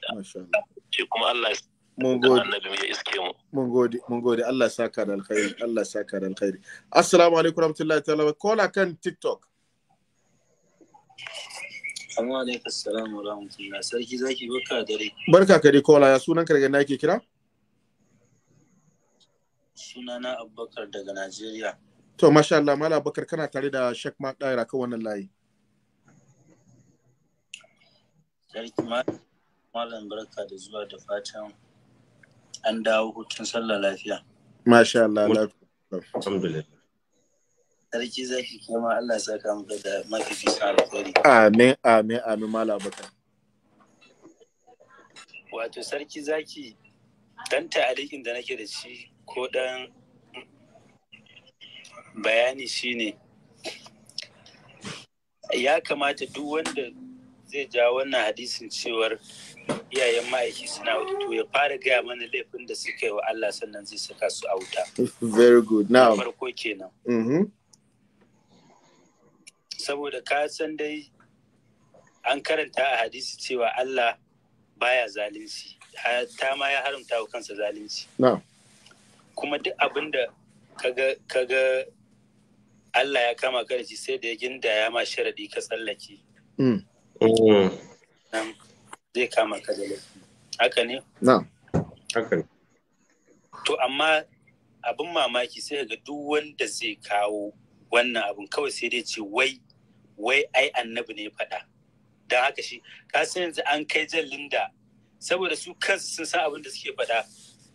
ce kuma Allah ya mun gode mun gode mun gode Allah saka da alkhairi Allah saka da alkhairi assalamu alaikum warahmatullahi ta'ala kola kan tiktok Assalamu alaikum assalamu rahmatullahi sarki zaki barka dare barka ka dai kola ya sunan ka daga na yake kira sunana abubakar daga najeriya to masha Allah mala abubakar kana tare da shek ma daira kan wannan layi sarki ma malam barka da zuwa da fatan an dawo hutun sallah lafiya. Masha Allah lafiya. Alhamdulillah. Sarki zaki kuma Allah sa ka muka da mafifi sa Amin amin amin mala baka. Wato sarki zaki dan ta'alikin da nake da shi ko dan bayani shine ya kamata duk wanda zai ja wannan hadisin cewar iyayen ma'aiki suna wuta to ya fara gaya mana laifin da suka yi wa Allah sannan zai saka su a wuta very good now farko kenan mm-hmm. saboda ka san dai an karanta a hadisi cewa Allah baya zalunci ta ma ya haramta wa kansa zalunci kuma duk abin da kaga Allah ya kama karshi sai da ya ginda ma sharaɗi ka tsallake mm. Mm. zai kama ka da laifi haka ne na haka ne to amma abin mamaki sai ga duk wanda zai kawo wannan abin kawai sai dai ce wai wai ai annabi ne faɗa don haka shi ka san yanzu an kai jan linda saboda su kansu sun san abin da suke faɗa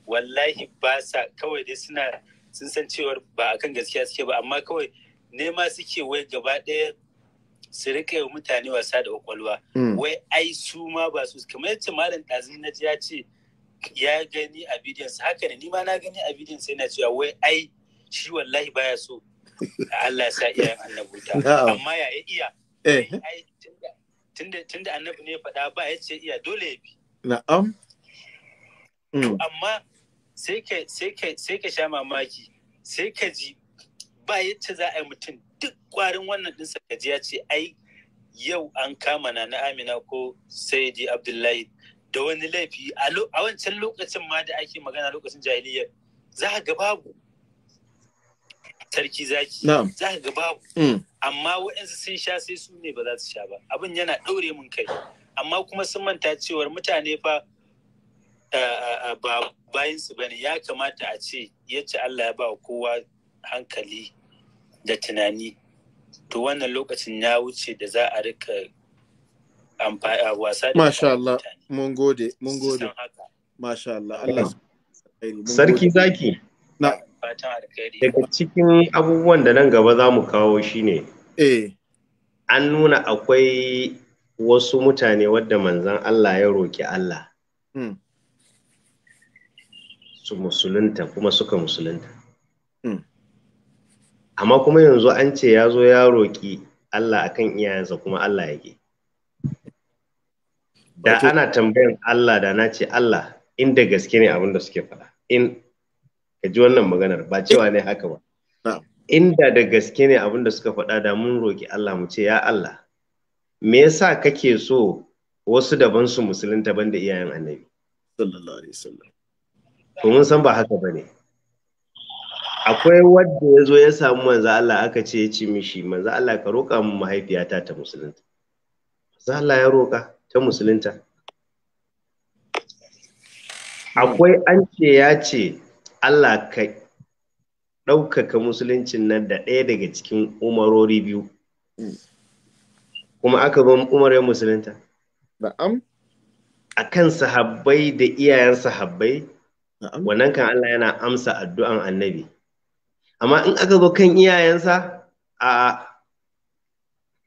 wallahi ba sa kawai dai suna sun san cewar ba akan gaskiya suke ba amma kawai nema suke wai gaba ɗaya su rika yi mutane wasa da kwakwalwa hmm. wai ai su ma ba su kamar yadda malam ɗazi na ji ya ce ya gani a bidiyon sa haka ne ni ma na gani a bidiyon sa yana cewa wai ai shi wallahi baya so Allah sa iyayen annabuta amma ya iya eh. tunda annabu annabi ne faɗa ba ya ce iya dole ya bi na'am hmm. amma sai ka sai ka sha mamaki sai ka ji ba yadda za a yi mutum kwarin wannan ɗin sa ya ce ai yau an kama na na Amina ko Saidi Abdullahi da wani laifi a wancan lokacin ma da ake magana lokacin jahiliya za ga babu sarki zaki za ga babu mm. amma waɗansu sun sha sai su ne ba za su sha ba abin yana ɗaure mun kai amma kuma sun manta cewar mutane fa ba bayan bane ya kamata a ce yacce Allah ya ba kowa hankali da tunani to wannan lokacin ya wuce da za a rika wasa da Masha Allah, mun gode, mun gode. Masha Allah, Allah. Sarki zaki. Na. Daga cikin abubuwan da nan gaba za mu kawo shi ne. Eh. An nuna akwai wasu mutane wadda manzan Allah ya roki Allah. Hmm. Su musulunta kuma suka musulunta. amma kuma yanzu an ce ya zo ya roƙi Allah akan iyayensa kuma Allah ya ke da ana tambayan Allah da na ce Allah inda gaske ne abin da suke faɗa in ka ji wannan maganar ba cewa ne haka ba inda da gaske ne abin da suka faɗa da mun roƙi Allah mu ce ya Allah me yasa kake so wasu daban su musulunta ban da iyayen annabi sallallahu alaihi wasallam to mun san ba haka ba ne. akwai wanda ya zo ya samu manzo Allah aka ce ya ci mishi manzo Allah ka roƙa min mahaifiyata ta musulunta manzo Allah ya roƙa ta musulunta akwai an ce ya ce Allah ka ɗaukaka musuluncin nan da ɗaya daga cikin umarori biyu kuma aka ban umar ya musulunta na'am a kan sahabbai da iyayen sahabbai wannan kan Allah yana amsa addu'an annabi amma in aka zo kan iyayensa a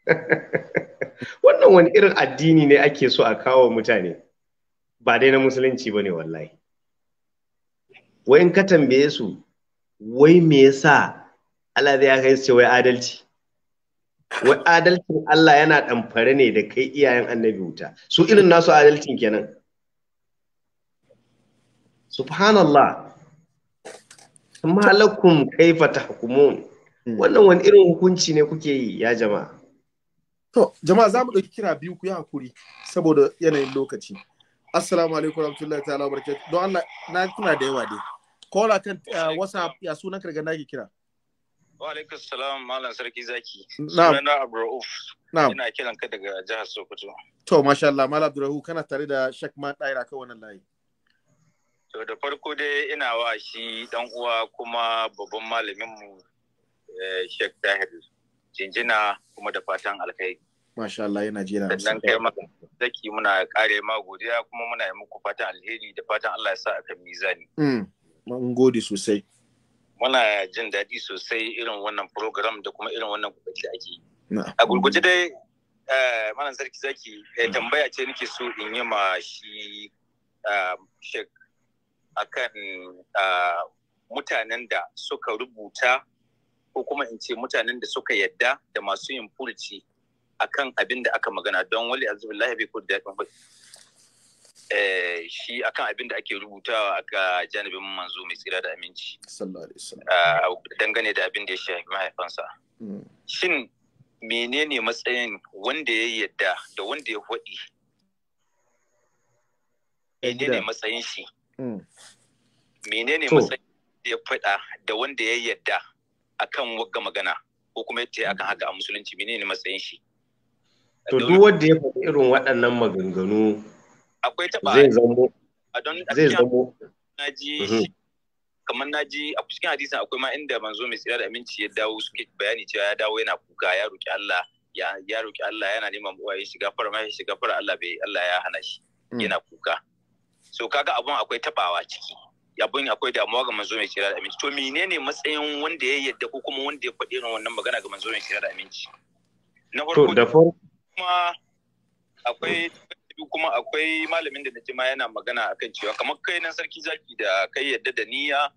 wannan wani irin addini ne ake so a kawo mutane ba dai na musulunci ba ne wallahi wai in ka tambaye su wai me yasa Allah zai kai su wai adalci wai adalcin Allah yana ɗamfare ne da kai iyayen annabi wuta su irin nasu adalcin kenan subhanallah malakum kaifa tahkumun hmm. wannan wani irin hukunci ne kuke yi ya jama'a to jama'a za mu ɗauki kira biyu ku yi hakuri saboda yanayin lokaci assalamu alaikum warahmatullahi ta'ala barakatuh don Allah na kuna da yawa dai kola kan eh, whatsapp ya sunan karga nake kira wa alaikum salam malam sarki zaki na abdurrauf na'am ina kiran ka daga jihar sokoto to masha Allah malam abdurrauf kana tare da shakman daira kan wannan layi To da farko dai ina wa shi dan uwa kuma babban malaminmu eh, Sheikh Tahir jinjina kuma da fatan alkai. Masha Allah yana jira. Sannan kai maka zaki muna kare ma godiya kuma muna yi muku fatan alheri da fatan Allah ya sa akan mizani. Mm, mun gode sosai. Muna jin daɗi sosai irin wannan program da kuma irin wannan kuɗi da ake yi. A gurguje dai eh, malam sarki zaki eh, tambaya ce nake so in yi ma shi Sheikh akan mutanen da suka rubuta ko kuma in ce mutanen da suka yadda da masu yin furci akan abin da aka magana don wali azubillahi bai kudu da eh, shi akan abin da ake rubutawa a ga janibin manzo mai tsira da aminci dangane da abin da ya shafi mahaifansa hmm. shin menene matsayin wanda ya yadda da wanda ya faɗi eh, menene matsayin shi Mm. menene matsayin ya faɗa da wanda ya yadda akan wagga magana ko kuma yadda akan haka a musulunci menene matsayin shi to duk wanda ya faɗi irin waɗannan maganganu akwai taba zai zambo zai zambo naji mhm. kamar naji a cikin hadisin akwai ma inda manzo mai tsira da aminci ya dawo suke bayani cewa ya dawo yana kuka ya roki Allah ya roki Allah yana neman uwaye shiga fara mai shiga fara Allah bai Allah ya hana shi mm. yana kuka so kaga abun akwai tabawa ciki abun akwai damuwa ga manzo mai kira da aminci to menene matsayin wanda ya yadda ko kuma wanda ya faɗi irin wannan magana ga manzo mai kira da aminci na farko da kuma akwai kuma akwai malamin da ma yana magana akan cewa kamar kai nan sarki zaki da kai yadda da niyya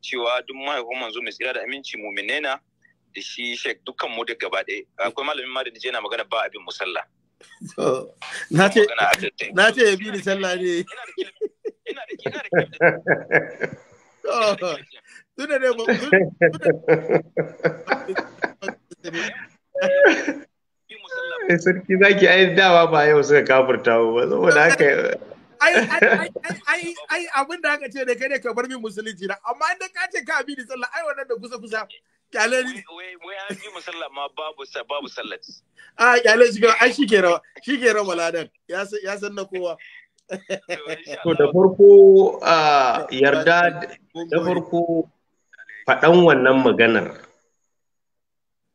cewa duk mahaifin manzo mai tsira da aminci mu menena da shi shek dukkan mu da gaba ɗaya akwai malamin ma da naje yana magana ba abin musalla na ce ya bi ni sallah ne tuna ne ba sarki zaki ai dawa ba yau suka kafurta ba saboda haka ai abin da aka ce da kai ne ka bar min musulunci na amma idan ka ce ka bi ni sallah ai wannan da kusa kusa kyale wai an yi musalla ma babu babu sallat a kyale shi ga ai shike rawa shike rawa ladan ya san na kowa to da farko yarda da farko faɗan wannan maganar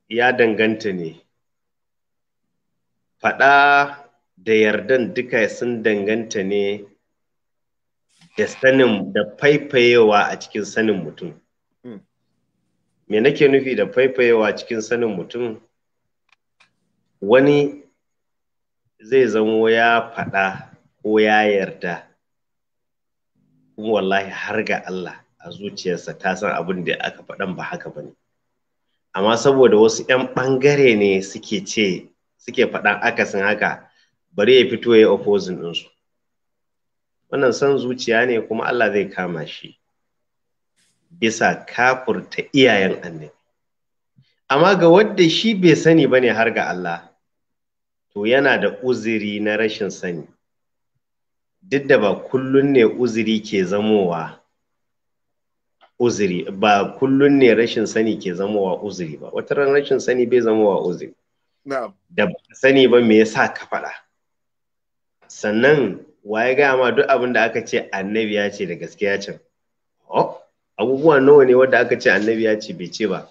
ya danganta ne faɗa da yardan duka sun danganta ne da sanin da faifayewa a cikin sanin mutum me nake nufi da faifayewa cikin sanin mutum wani zai zamo ya faɗa ko ya yarda kuma wallahi har ga Allah a zuciyarsa ta san abin da aka faɗan ba haka ba ne amma saboda wasu 'yan ɓangare ne suke ce suke faɗan akasin haka bari ya fito ya opposing ɗinsu wannan san zuciya ne kuma Allah zai kama shi bisa kafurta iyayen annabi amma ga wanda shi bai sani bane har ga Allah to yana da uzuri na rashin sani duk da ba kullun ne uzuri ke zamowa uzuri ba kullun ne rashin sani ke zamowa uzuri ba wata ran rashin sani bai zamowa uzuri da sani ba me yasa ka faɗa sannan waye ga ma duk abin da aka ce annabi ya ce da gaskiya can abubuwa nawa ne wadda aka ce annabi ya ce bai ce ba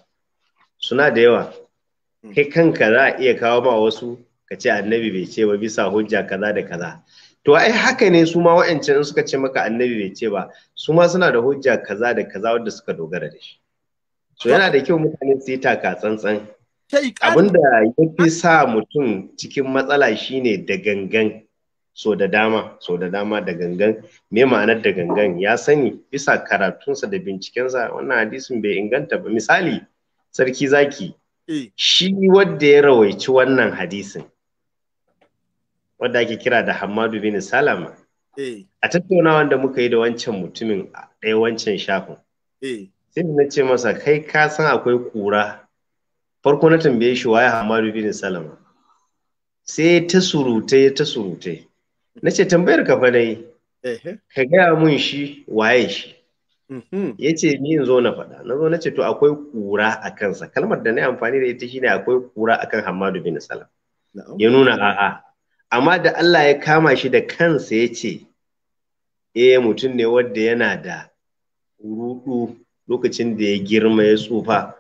suna da yawa kai kanka za a iya kawo ma wasu ka ce annabi bai ce ba bisa hujja kaza da kaza to ai haka ne su ma wa'ancan suka ce maka annabi bai ce ba su ma suna da hujja kaza da kaza wadda suka dogara da shi so yana da kyau mutane su yi taka tsantsan abinda ya fi sa mutum cikin matsala shine da gangan so da dama so da dama da gangan me ma'anar da gangan ya sani bisa karatunsa da bincikensa wannan hadisin bai inganta ba misali sarki zaki eh. shi wadda ya rawaici wannan hadisin wadda ake kira da hamadu bin salama eh. a tattaunawa da muka yi da wancan mutumin a ɗaya wancan shafin eh. sai na ce masa kai ka san akwai kura farko na tambaye shi waye hamadu bin salama sai ta surutai ta surutai na ce tambayar ka fa ka gaya mun shi waye shi mm-hmm. ya ce ni in zo na faɗa na zo na ce to akwai kura a kansa kalmar da na yi amfani da ita shine akwai kura akan Hamadu bin Salam ya nuna a'a amma da Allah ya kama shi da kansa ya ce eh mutum ne wanda yana da rudu lokacin da ya girma ya tsufa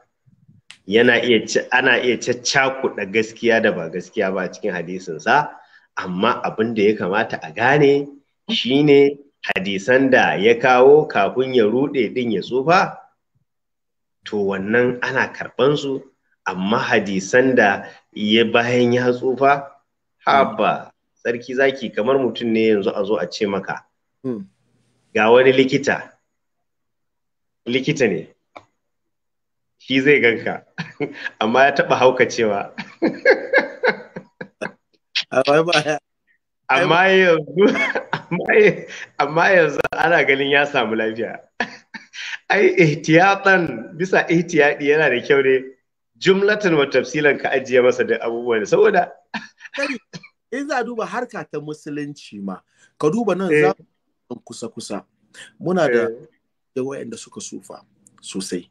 yana iya ana iya caccakuɗa gaskiya da ba gaskiya ba cikin hadisin sa amma abin da ya kamata a gane shine hadisan da ya kawo kafin ya rude din ya tsufa to wannan ana karɓan su amma hadisan da ya bayan ya tsufa haba sarki zaki kamar mutum ne yanzu a zo a ce maka hmm. ga wani likita likita ne shi zai ganka amma ya taɓa haukacewa amma yanzu amma yanzu ana ganin ya samu lafiya ai ihtiyatan bisa ihtiyadi yana da kyau ne jumlatan wa tafsilan ka ajiye masa da abubuwan saboda in za a duba harka ta musulunci ma ka duba nan eh. za kusa kusa muna da eh. da wayanda suka sufa sosai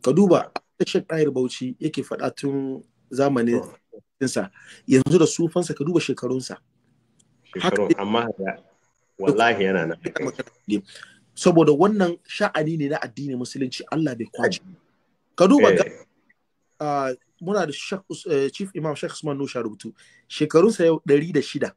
ka duba tashar ɗayar bauchi yake faɗa tun zamanin oh. sa yanzu da sufansa ka duba shekarunsa amma wallahi yana nan saboda wannan sha'ani ne na addini musulunci Allah bai kwace ka duba eh. muna da eh, chief imam Sheikh Usman Nusha rubutu shekarunsa yau 106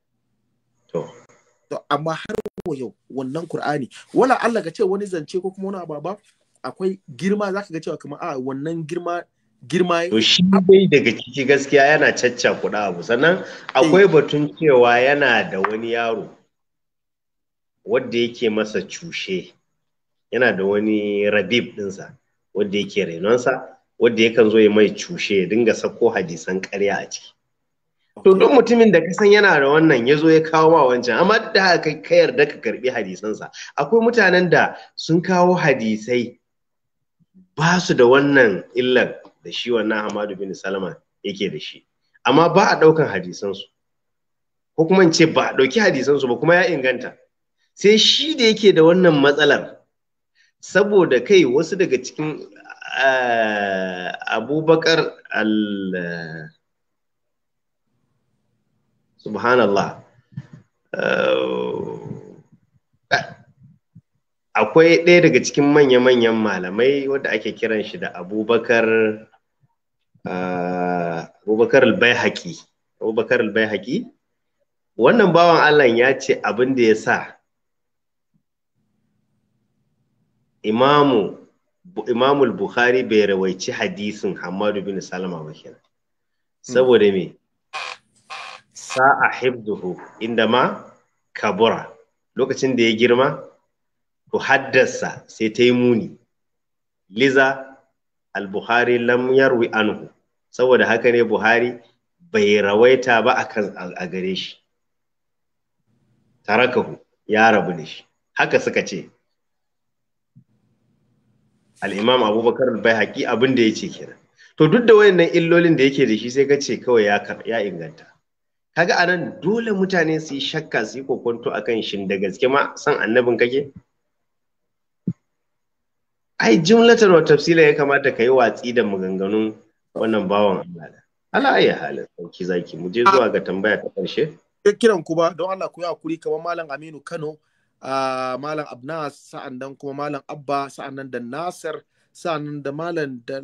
to amma har yau wannan Qur'ani wala Allah ga ce wani zance ko kuma wani ababa? akwai girma zaka ga cewa kuma a ah, wannan girma girma to shi dai daga ciki gaskiya yana cacca kuɗa abu sannan akwai eh. batun cewa yana da wani yaro wadda yake masa cushe yana da wani rabib ɗinsa wadda yake renonsa wadda yakan zo ya mai cushe ya dinga sako hadisan ƙarya a ciki to duk mutumin da kasan yana da wannan ya zo ya kawo ma wancan amma da ka yarda ka karbi hadisansa akwai mutanen da sun kawo hadisai ba su da wannan illar da shi wannan Hamadu bin Salama yake da shi amma ba a ɗaukan hadisansu ko kuma in ce ba a ɗauki hadisansu ba kuma ya inganta sai shi da yake da wannan matsalar saboda kai wasu daga cikin eh, abubakar al subhanallah eh, akwai ɗaya daga cikin manya-manyan malamai wadda ake kiran shi da abubakar Abubakar al Abubakar al wannan bawan Allah ya ce abin da ya sa imamu imamul bukhari bai rawaici hadisin hamadu bin salama ba kenan saboda me sa'a hibduhu inda ma kabura lokacin da ya girma to haddasa sai ta yi muni liza al-bukhari lam yarwi anhu saboda haka ne buhari bai rawaita ba a gare shi tarakahu ya rabu da shi haka suka ce al'imam abubakar bai baihaqi abin da ya ce kenan to duk da wayannan illolin da yake da shi sai ka ce kawai ya inganta kaga anan dole mutane su yi shakka su yi kokonto akan shin da gaske ma san annabin kake ai ta wa tafsila ya kamata ka yi watsi da maganganun wannan bawan Allah Allah ayi halin sauki zaki mu je zuwa ga tambaya ta karshe kiran ku ba don Allah ku yi hakuri kamar malam Aminu Kano malam Abnas sa'an nan kuma malam Abba sa'an nan da Nasir sa'an nan da malam da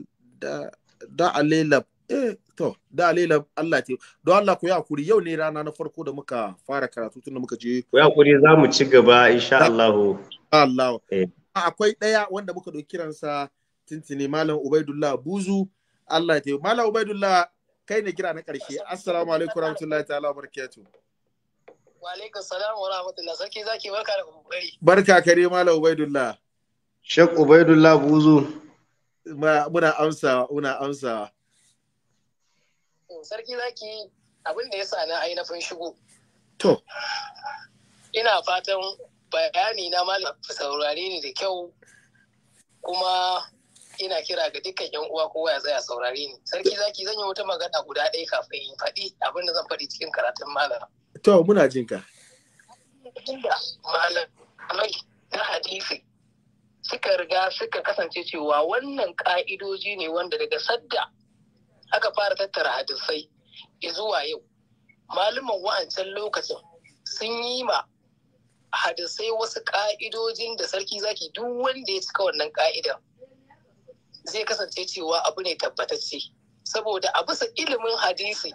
da Alila Alelab eh to da Alila Allah te don Allah ku yi hakuri yau ne rana na farko da muka fara karatu tun da muka je ku yi hakuri za mu ci gaba insha Allah Allah eh akwai ɗaya wanda muka ɗauki kiransa tintini Malam Ubaidullah Buzu. Allah ya yi Malam Ubaidullah kai ne kira na ƙarshe. Assalamu alaikum rahmatullahi ta'ala barakatuh. Wa alaikum salam wa rahmatullah. Sarki zaki barka da kokari. Barka kare Malam Ubaidullah. shek Ubaidullah Buzu. Muna amsa, muna amsa. Sarki zaki abin da ya sa na ainihin shigo. To. Ina fatan bayani na malam saurare ni da kyau kuma ina kira ga dukkan yan uwa kowa ya tsaya saurare ni sarki zaki zan yi wata magana guda ɗaya kafin in faɗi abin da zan faɗi cikin karatun malam to muna jin ka malam na hadisi suka riga suka kasance cewa wannan ka'idoji ne wanda daga sadda aka fara tattara hadisai zuwa yau Malaman wa'ancan lokacin sun yi ma hadisai wasu ka'idojin da sarki zaki duk wanda ya cika wannan ka'ida zai kasance cewa abu ne tabbatacce saboda a bisa ilimin hadisi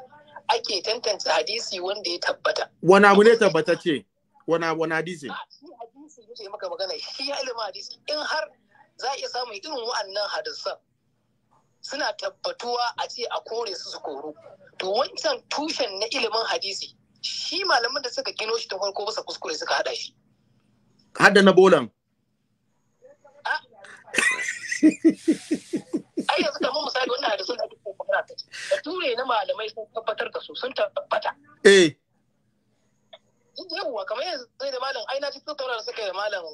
ake tantance hadisi wanda ya tabbata wani abu ne tabbatacce wani wani hadisi hadisi yake maka magana shi ilimin hadisi in har za a iya samun irin wa'annan hadisan suna tabbatuwa a ce a kore su su koro, to wancan tushen na ilimin hadisi shi malaman da suka kino shi ta farko bisa kuskure suka hada shi hada na bolan ah. ai yanzu kamar misali wannan hadisun da ake magana ta da ture na malamai sun tabbatar da su sun tabbata eh yawwa kamar yanzu sai da malam ai na ci tattauna da suka yi da malam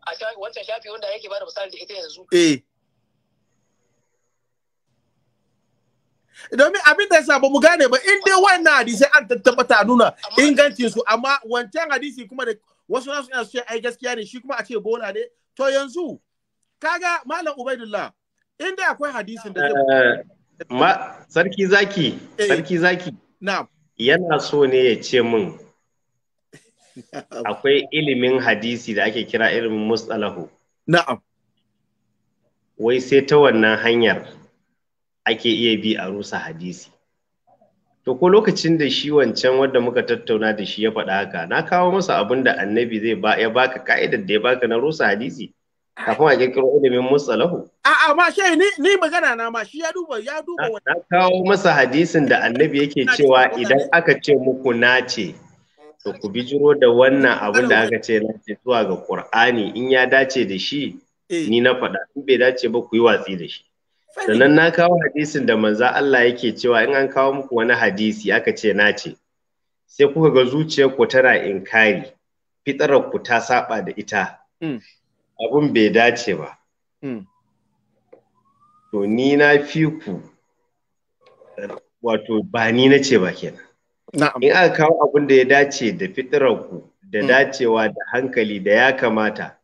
a wancan shafi wanda yake ba da misali da ita yanzu eh domin abin da ya ba mu gane ba in dai wannan hadisai an tabbata nuna ingancin su amma wancan hadisi kuma da wasu nasu yana ce ai gaskiya ne shi kuma a ce bola ne to yanzu kaga malam ubaidullah in dai akwai hadisin da eh, ma sarki zaki eh. sarki zaki na'am yana so ne ya ce min akwai ilimin hadisi da ake kira ilimin mustalahu na'am wai sai ta wannan hanyar ake iya bi a rusa hadisi to ko lokacin da shi wancan wadda muka tattauna da shi ya faɗa haka na kawo masa abin da annabi zai ba ya baka ka'idar da ya baka na rusa hadisi kafin a kirkiro ilimin musalahu a a ma shi ni ni magana na ma shi ya duba ya duba na kawo masa hadisin da annabi yake cewa idan aka ce muku na ce, to ku jiro da wannan abin da aka ce ce zuwa ga Qur'ani in ya dace da shi eh. ni na faɗa in bai dace ba ku yi watsi da shi sannan na kawo hadisin da manza Allah yake cewa in an kawo muku wani hadisi aka ce na ce sai kuka ga zuciyar ku tana inkari fitarar ku ta saba da ita mm. abun bai dace ba mm. to ni na fi ku wato ba ni na ce ba kenan in aka kawo abun da ya dace da fitarar ku da mm. dacewa da hankali da ya kamata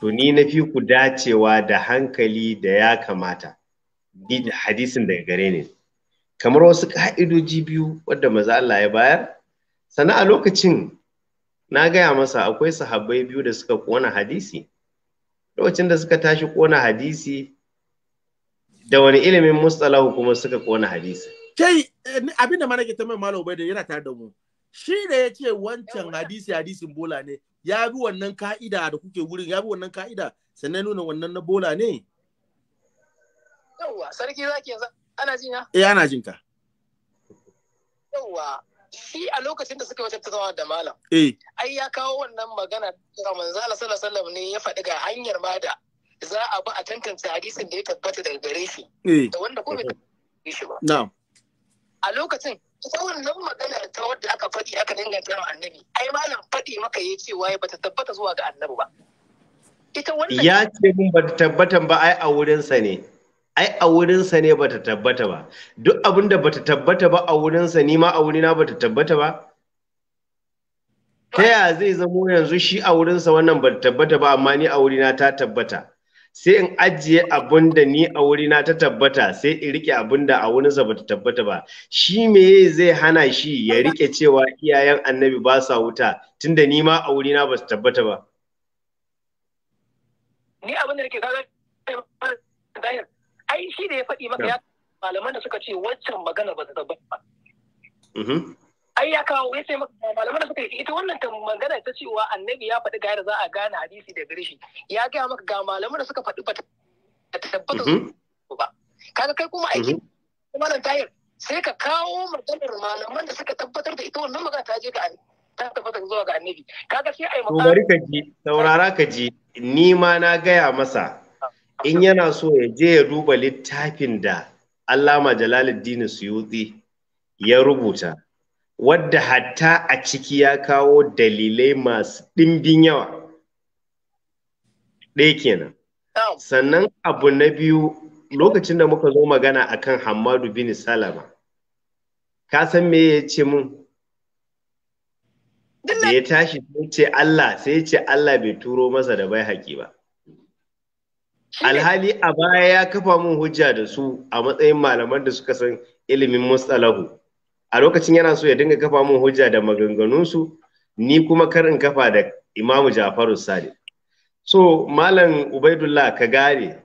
to ni na fi ku dacewa da hankali da ya kamata hadisin daga gare ne kamar wasu ka'idoji biyu wadda maza Allah ya bayar sana a lokacin na gaya masa akwai sahabbai biyu da suka kona hadisi lokacin da suka tashi kona hadisi da wani ilimin mustalahu kuma suka kona hadisi kai eh, abinda ma nake ta mai malam yana tare da mu shi da ya ce wancan hadisi hadisin bola ne ya bi wannan ka'ida da kuke wurin ya bi wannan ka'ida sannan nuna wannan na bola ne Yauwa sarki zaki yanzu ana jin ya eh ana jin ka Yauwa, shi a lokacin da suka wata tattaunawa da malam eh ai ya kawo wannan magana da manzo Allah sallallahu alaihi wasallam ne ya faɗi ga hanyar ma da za a bi a tantance hadisin da ya tabbata daga gare shi eh. da wanda ko bai shi ba na'am a lokacin ita wannan magana ta wadda aka faɗi aka danganta wa annabi ai malam faɗi maka ya ce waye bata tabbata zuwa ga annabi ba ita wannan ya ce mun bata tabbatan ba ai a wurinsa ne ai a wurinsa ne bata tabbata ba duk abin da bata tabbata ba a wurinsa ni ma a wurina bata tabbata ba ta yaya zai zamo yanzu shi a wurinsa wannan bata tabbata ba amma ni a wurina ta tabbata sai in ajiye abun da ni a wurina ta tabbata sai in rike abun da a wurinsa bata tabbata ba shi me zai hana shi ya rike cewa iyayen annabi ba sa wuta tunda ni ma a wurina ba su tabbata ba ni abin da rike kaga ai shi da ya faɗi maka ya malaman da suka ce waccan magana ba ta tabbata ba mm-hmm. ai ya kawo ya ce maka malaman da suka yi ita wannan magana ta cewa annabi ya faɗi ga yadda za a gane hadisi da garishi ya gaya maka ga malaman da suka faɗi ba tabbata mhm. ba kaga kai kuma aiki mhm. malam tayir sai ka kawo maganar malaman da suka tabbatar da ita wannan magana ta je ga ta tabbata zuwa ga annabi kaga sai ai magana bari ka ji saurara ka ji ni ma na gaya masa in yana so ya je ya duba littafin da Allama Jalaluddin Suyuti ya rubuta wadda hatta a ciki ya kawo dalilai masu ɗimbin yawa ɗaya kenan sannan abu na biyu lokacin da muka zo magana akan hamadu bin salama ka san me ya ce mun da ya tashi sai ce Allah sai ce Allah bai turo masa da bai haƙi ba alhali a baya ya kafa mun hujja da su a matsayin malaman da suka san ilimin mustalahu a lokacin yana so ya dinga kafa mun hujja da maganganunsu ni kuma kar in kafa da imamu jafaru sadiq so malam ubaidullah ka gane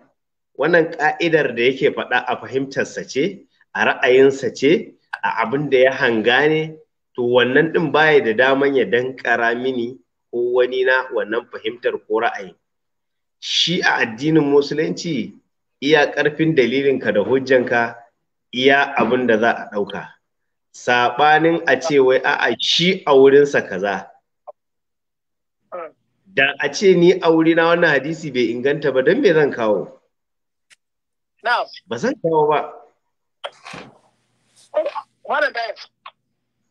wannan ka'idar da yake faɗa a fahimtarsa ce a ra'ayinsa ce a abin da ya hanga ne to wannan ɗin baya da daman ya dankara mini ko wani na wannan fahimtar ko ra'ayi. shi a addinin musulunci iya ƙarfin dalilinka da hujjanka iya abin da za a ɗauka saɓanin a ce wai a shi a wurinsa kaza. Da a ce ni a na wannan hadisi bai inganta ba don me zan kawo? Ba zan kawo ba.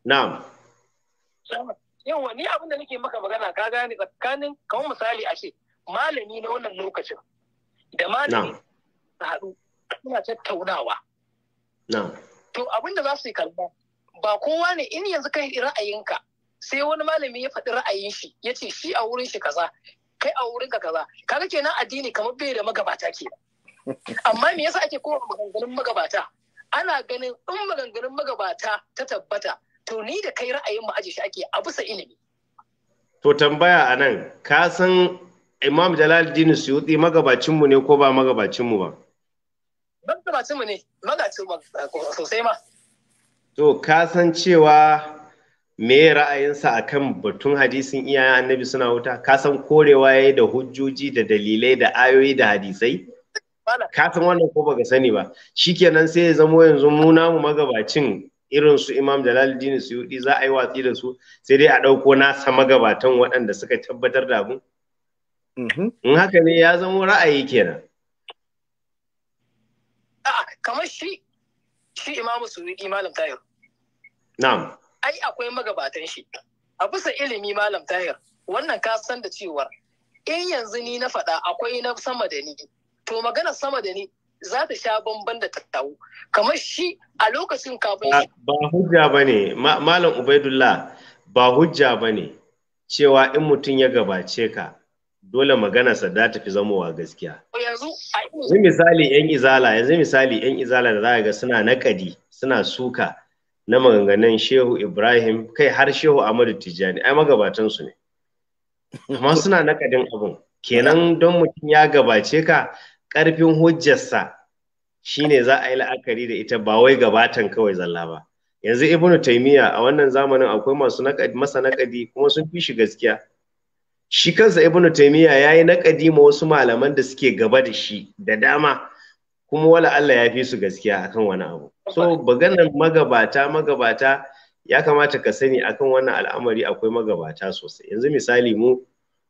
Na'am. Yawa ni abin da nake maka magana ka gane tsakanin kawai misali a ce malami na wannan lokacin da malami na haɗu suna tattaunawa. To abin da za su yi kalma ba kowa ne in yanzu kai ra'ayinka sai wani malami ya faɗi ra'ayin shi ya ce shi a wurin shi kaza kai a wurin ka kaza kaga kenan addini kamar bai da magabata ke amma me yasa ake kowa maganganun magabata ana ganin in maganganun magabata ta tabbata to ni da kai ra'ayin mu aje shi ake a bisa ilimi to tambaya a nan ka san imam jalaluddin suyuti magabacin mu ne ko ba magabacin mu ba magabacin mu ne magabacin sosai ma To, ka san cewa me ra'ayinsa a kan batun hadisin iyayen annabi suna wuta? Ka san korewa ya da hujjoji da dalilai da ayoyi da hadisai? Ka san wannan ko baka sani ba. Shi kenan sai ya zamo yanzu mu namu magabacin irin su Imam Jalaluddin Suyuti za a yi watsi da su sai dai a ɗauko nasa magabatan waɗanda suka tabbatar da abu? Mm-hmm. In haka ne ya zamo ra'ayi kenan. shi imamu suwidi malam tayar. na'am ai akwai magabatan shi a bisa ilimi malam tahir wannan ka san da cewar in yanzu ni na faɗa akwai na sama da ni to magana sama da ni za ta sha bamban da tattawu kamar shi a lokacin kafin shi ba hujja ba ne malam ubaidullah ba hujja ba ne cewa in mutum ya gabace ka dole magana sa da tafi zamowa gaskiya. Yanzu misali ‘yan izala, yanzu misali ‘yan izala da za ga suna naƙadi, suna suka na maganganun Shehu Ibrahim, kai har Shehu Ahmadu Tijjani, ai magabatansu ne. Amma suna naƙadin abin. Kenan don mutum ya gabace ka ƙarfin hujjarsa shine za a yi la'akari da ita ba wai gabatan kawai zalla ba. Yanzu Ibnu Taymiyyah a wannan zamanin akwai masu masa naƙadi kuma sun fi shi gaskiya. shi kansa ibnu ya yayi naƙadi ma wasu malaman da suke gaba da shi da dama kuma wala Allah ya fi su gaskiya kan wani abu so baganan magabata magabata ya kamata ka sani akan wannan al'amari akwai magabata sosai yanzu misali mu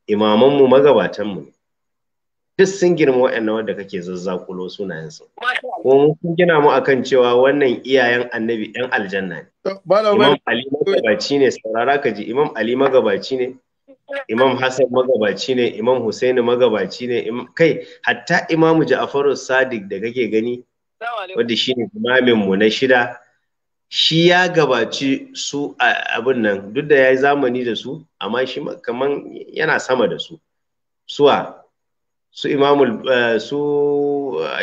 imamanmu magabatanmu. duk sun girma waɗannan wanda kake zazzakulo suna su ko mu sun gina mu akan cewa wannan iyayen annabi 'yan aljanna ne imam ali magabaci ne saurara ka ji imam ali magabaci ne Imam Hassan magabaci ne, Imam Husaini magabaci ne, kai hatta Imam Ja'faru Sadiq da kake gani wanda shine imamin mu na shida shi ya gabaci su abin nan duk da ya yi zamani da su amma shi kaman yana sama da su suwa su eh, eh,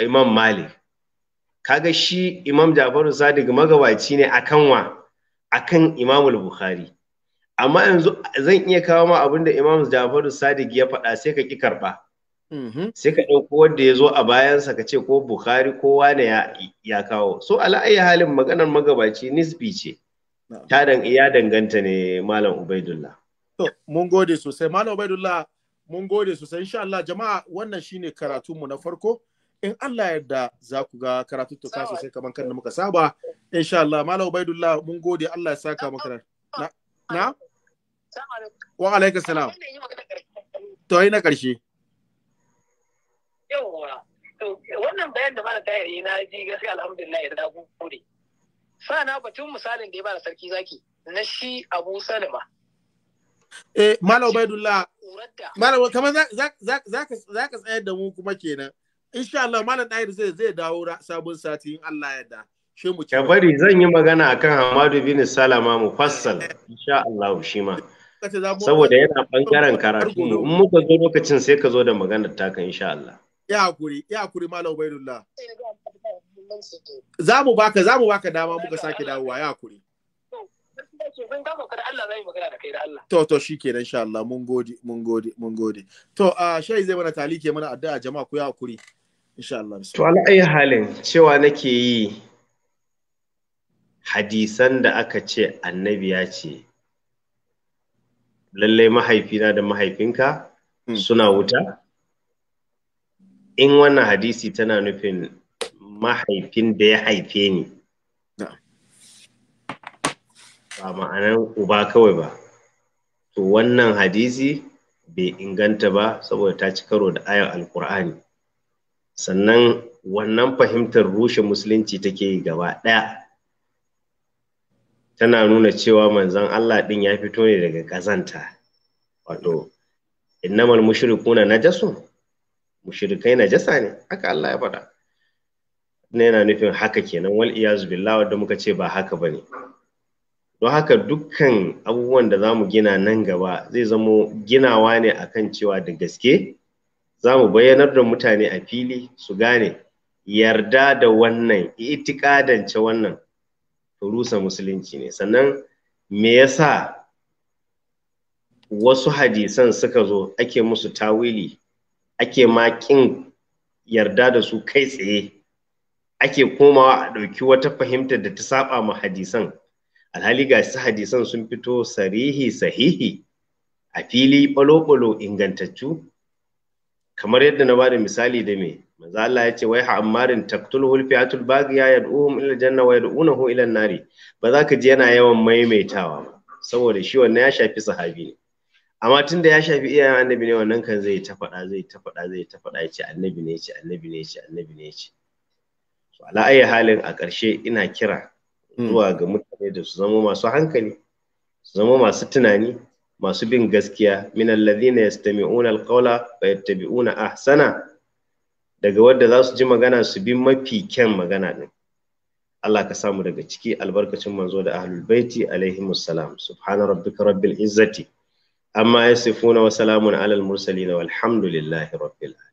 imam malik kaga shi imam jafaru sadiq magabaci ne akan wa akan imamul bukhari amma yanzu zan iya kawo ma abin da imam jafaru sadiq ya faɗa sai ka ki karɓa mm-hmm. sai ka ɗauko wanda ya zo a bayansa ka ce ko bukhari ko wane ya kawo so ala'ayi halin maganar magabaci nisbi ce ta iya danganta ne malam ubaidullah mun gode sosai malam ubaidullah mun gode sosai insha Allah jama'a wannan shine karatunmu na farko in Allah yarda za ku ga karatuttuka sosai kamar kan da muka saba insha Allah malam ubaidullah mun gode Allah ya saka maka na Wa alaikum salam. To ai na ƙarshe. Yawwa. To wannan bayan da mana tayar yi na ji gaskiya alhamdulillah ya dago gode. Sana batun misalin da ya bada sarki zaki na shi Abu Salama. Eh Malam Ubaidullah. Malam kamar za ka tsayar da mu kuma kenan. Insha Allah Malam Tahir zai zai dawo sabon sati in Allah ya da. Shi mu Ka bari zan yi magana akan Hamadu bin Salama mu fassal eh. Insha Allah shi ma. saboda yana bangaren karatu in muka zo lokacin sai ka zo da maganar taka insha Allah ya hakuri ya hakuri malam ubaidullah za mu baka za mu baka dama muka sake dawowa ya hakuri To to shikenan insha Allah mun gode mun gode mun gode. To a shai zai mana talike mana addu'a jama'a ku ya hakuri insha Allah. To a ayi halin cewa nake yi hadisan da aka ce annabi ya ce lalle mahaifina da mahaifinka hmm. suna wuta in wannan hadisi tana nufin mahaifin da ya haife ni ba ma'anar uba kawai ba to wannan hadisi bai inganta ba saboda ta ci karo da ayar alkur'ani sannan wannan fahimtar rushe musulunci take yi gaba ɗaya tana nuna cewa manzon Allah ɗin ya fito ne daga kazanta wato innamal mushrikuna najasu mushrikai najasa ne haka Allah ya faɗa ne yana nufin haka kenan wal iyazu billah wanda muka ce ba haka bane don haka dukkan abubuwan da zamu gina nan gaba zai zamo ginawa ne akan cewa da gaske zamu bayyanar da mutane a fili su gane yarda da wannan itikadance wannan rusa musulunci ne sannan me yasa wasu hadisan suka zo ake musu tawili ake makin yarda da su kai tsaye ake komawa a ɗauki wata fahimtar da ta saba ma hadisan alhali ga su hadisan sun fito sarihi sahihi a fili balo-balo ingantattu kamar yadda na ba da misali da me manzo Allah ya ce wai ha ammarin taqtuluhu fiatul baghiya yad'uhum ila janna wa yad'unahu ila nari ba za ka ji yana yawan maimaitawa ba saboda shi wannan ya shafi sahabi ne amma tunda ya shafi iyayen annabi ne wannan kan zai ta faɗa zai ta faɗa zai ta faɗa ya ce annabi ne ya ce annabi ne ya ce annabi ne ya ce to ala ayi halin a ƙarshe ina kira hmm. zuwa ga mutane da su zama masu hankali su zama masu tunani masu bin gaskiya minal ladhina yastami'una alqawla wa yattabi'una ahsana daga wadda za su ji magana su bi mafi kyan magana ɗin. Allah ka samu daga ciki albarkacin manzo da ahlul baiti alaihi musallam subhana rabbika rabbil izzati amma yasifuna wa salamun alal mursalin walhamdulillahi rabbil alamin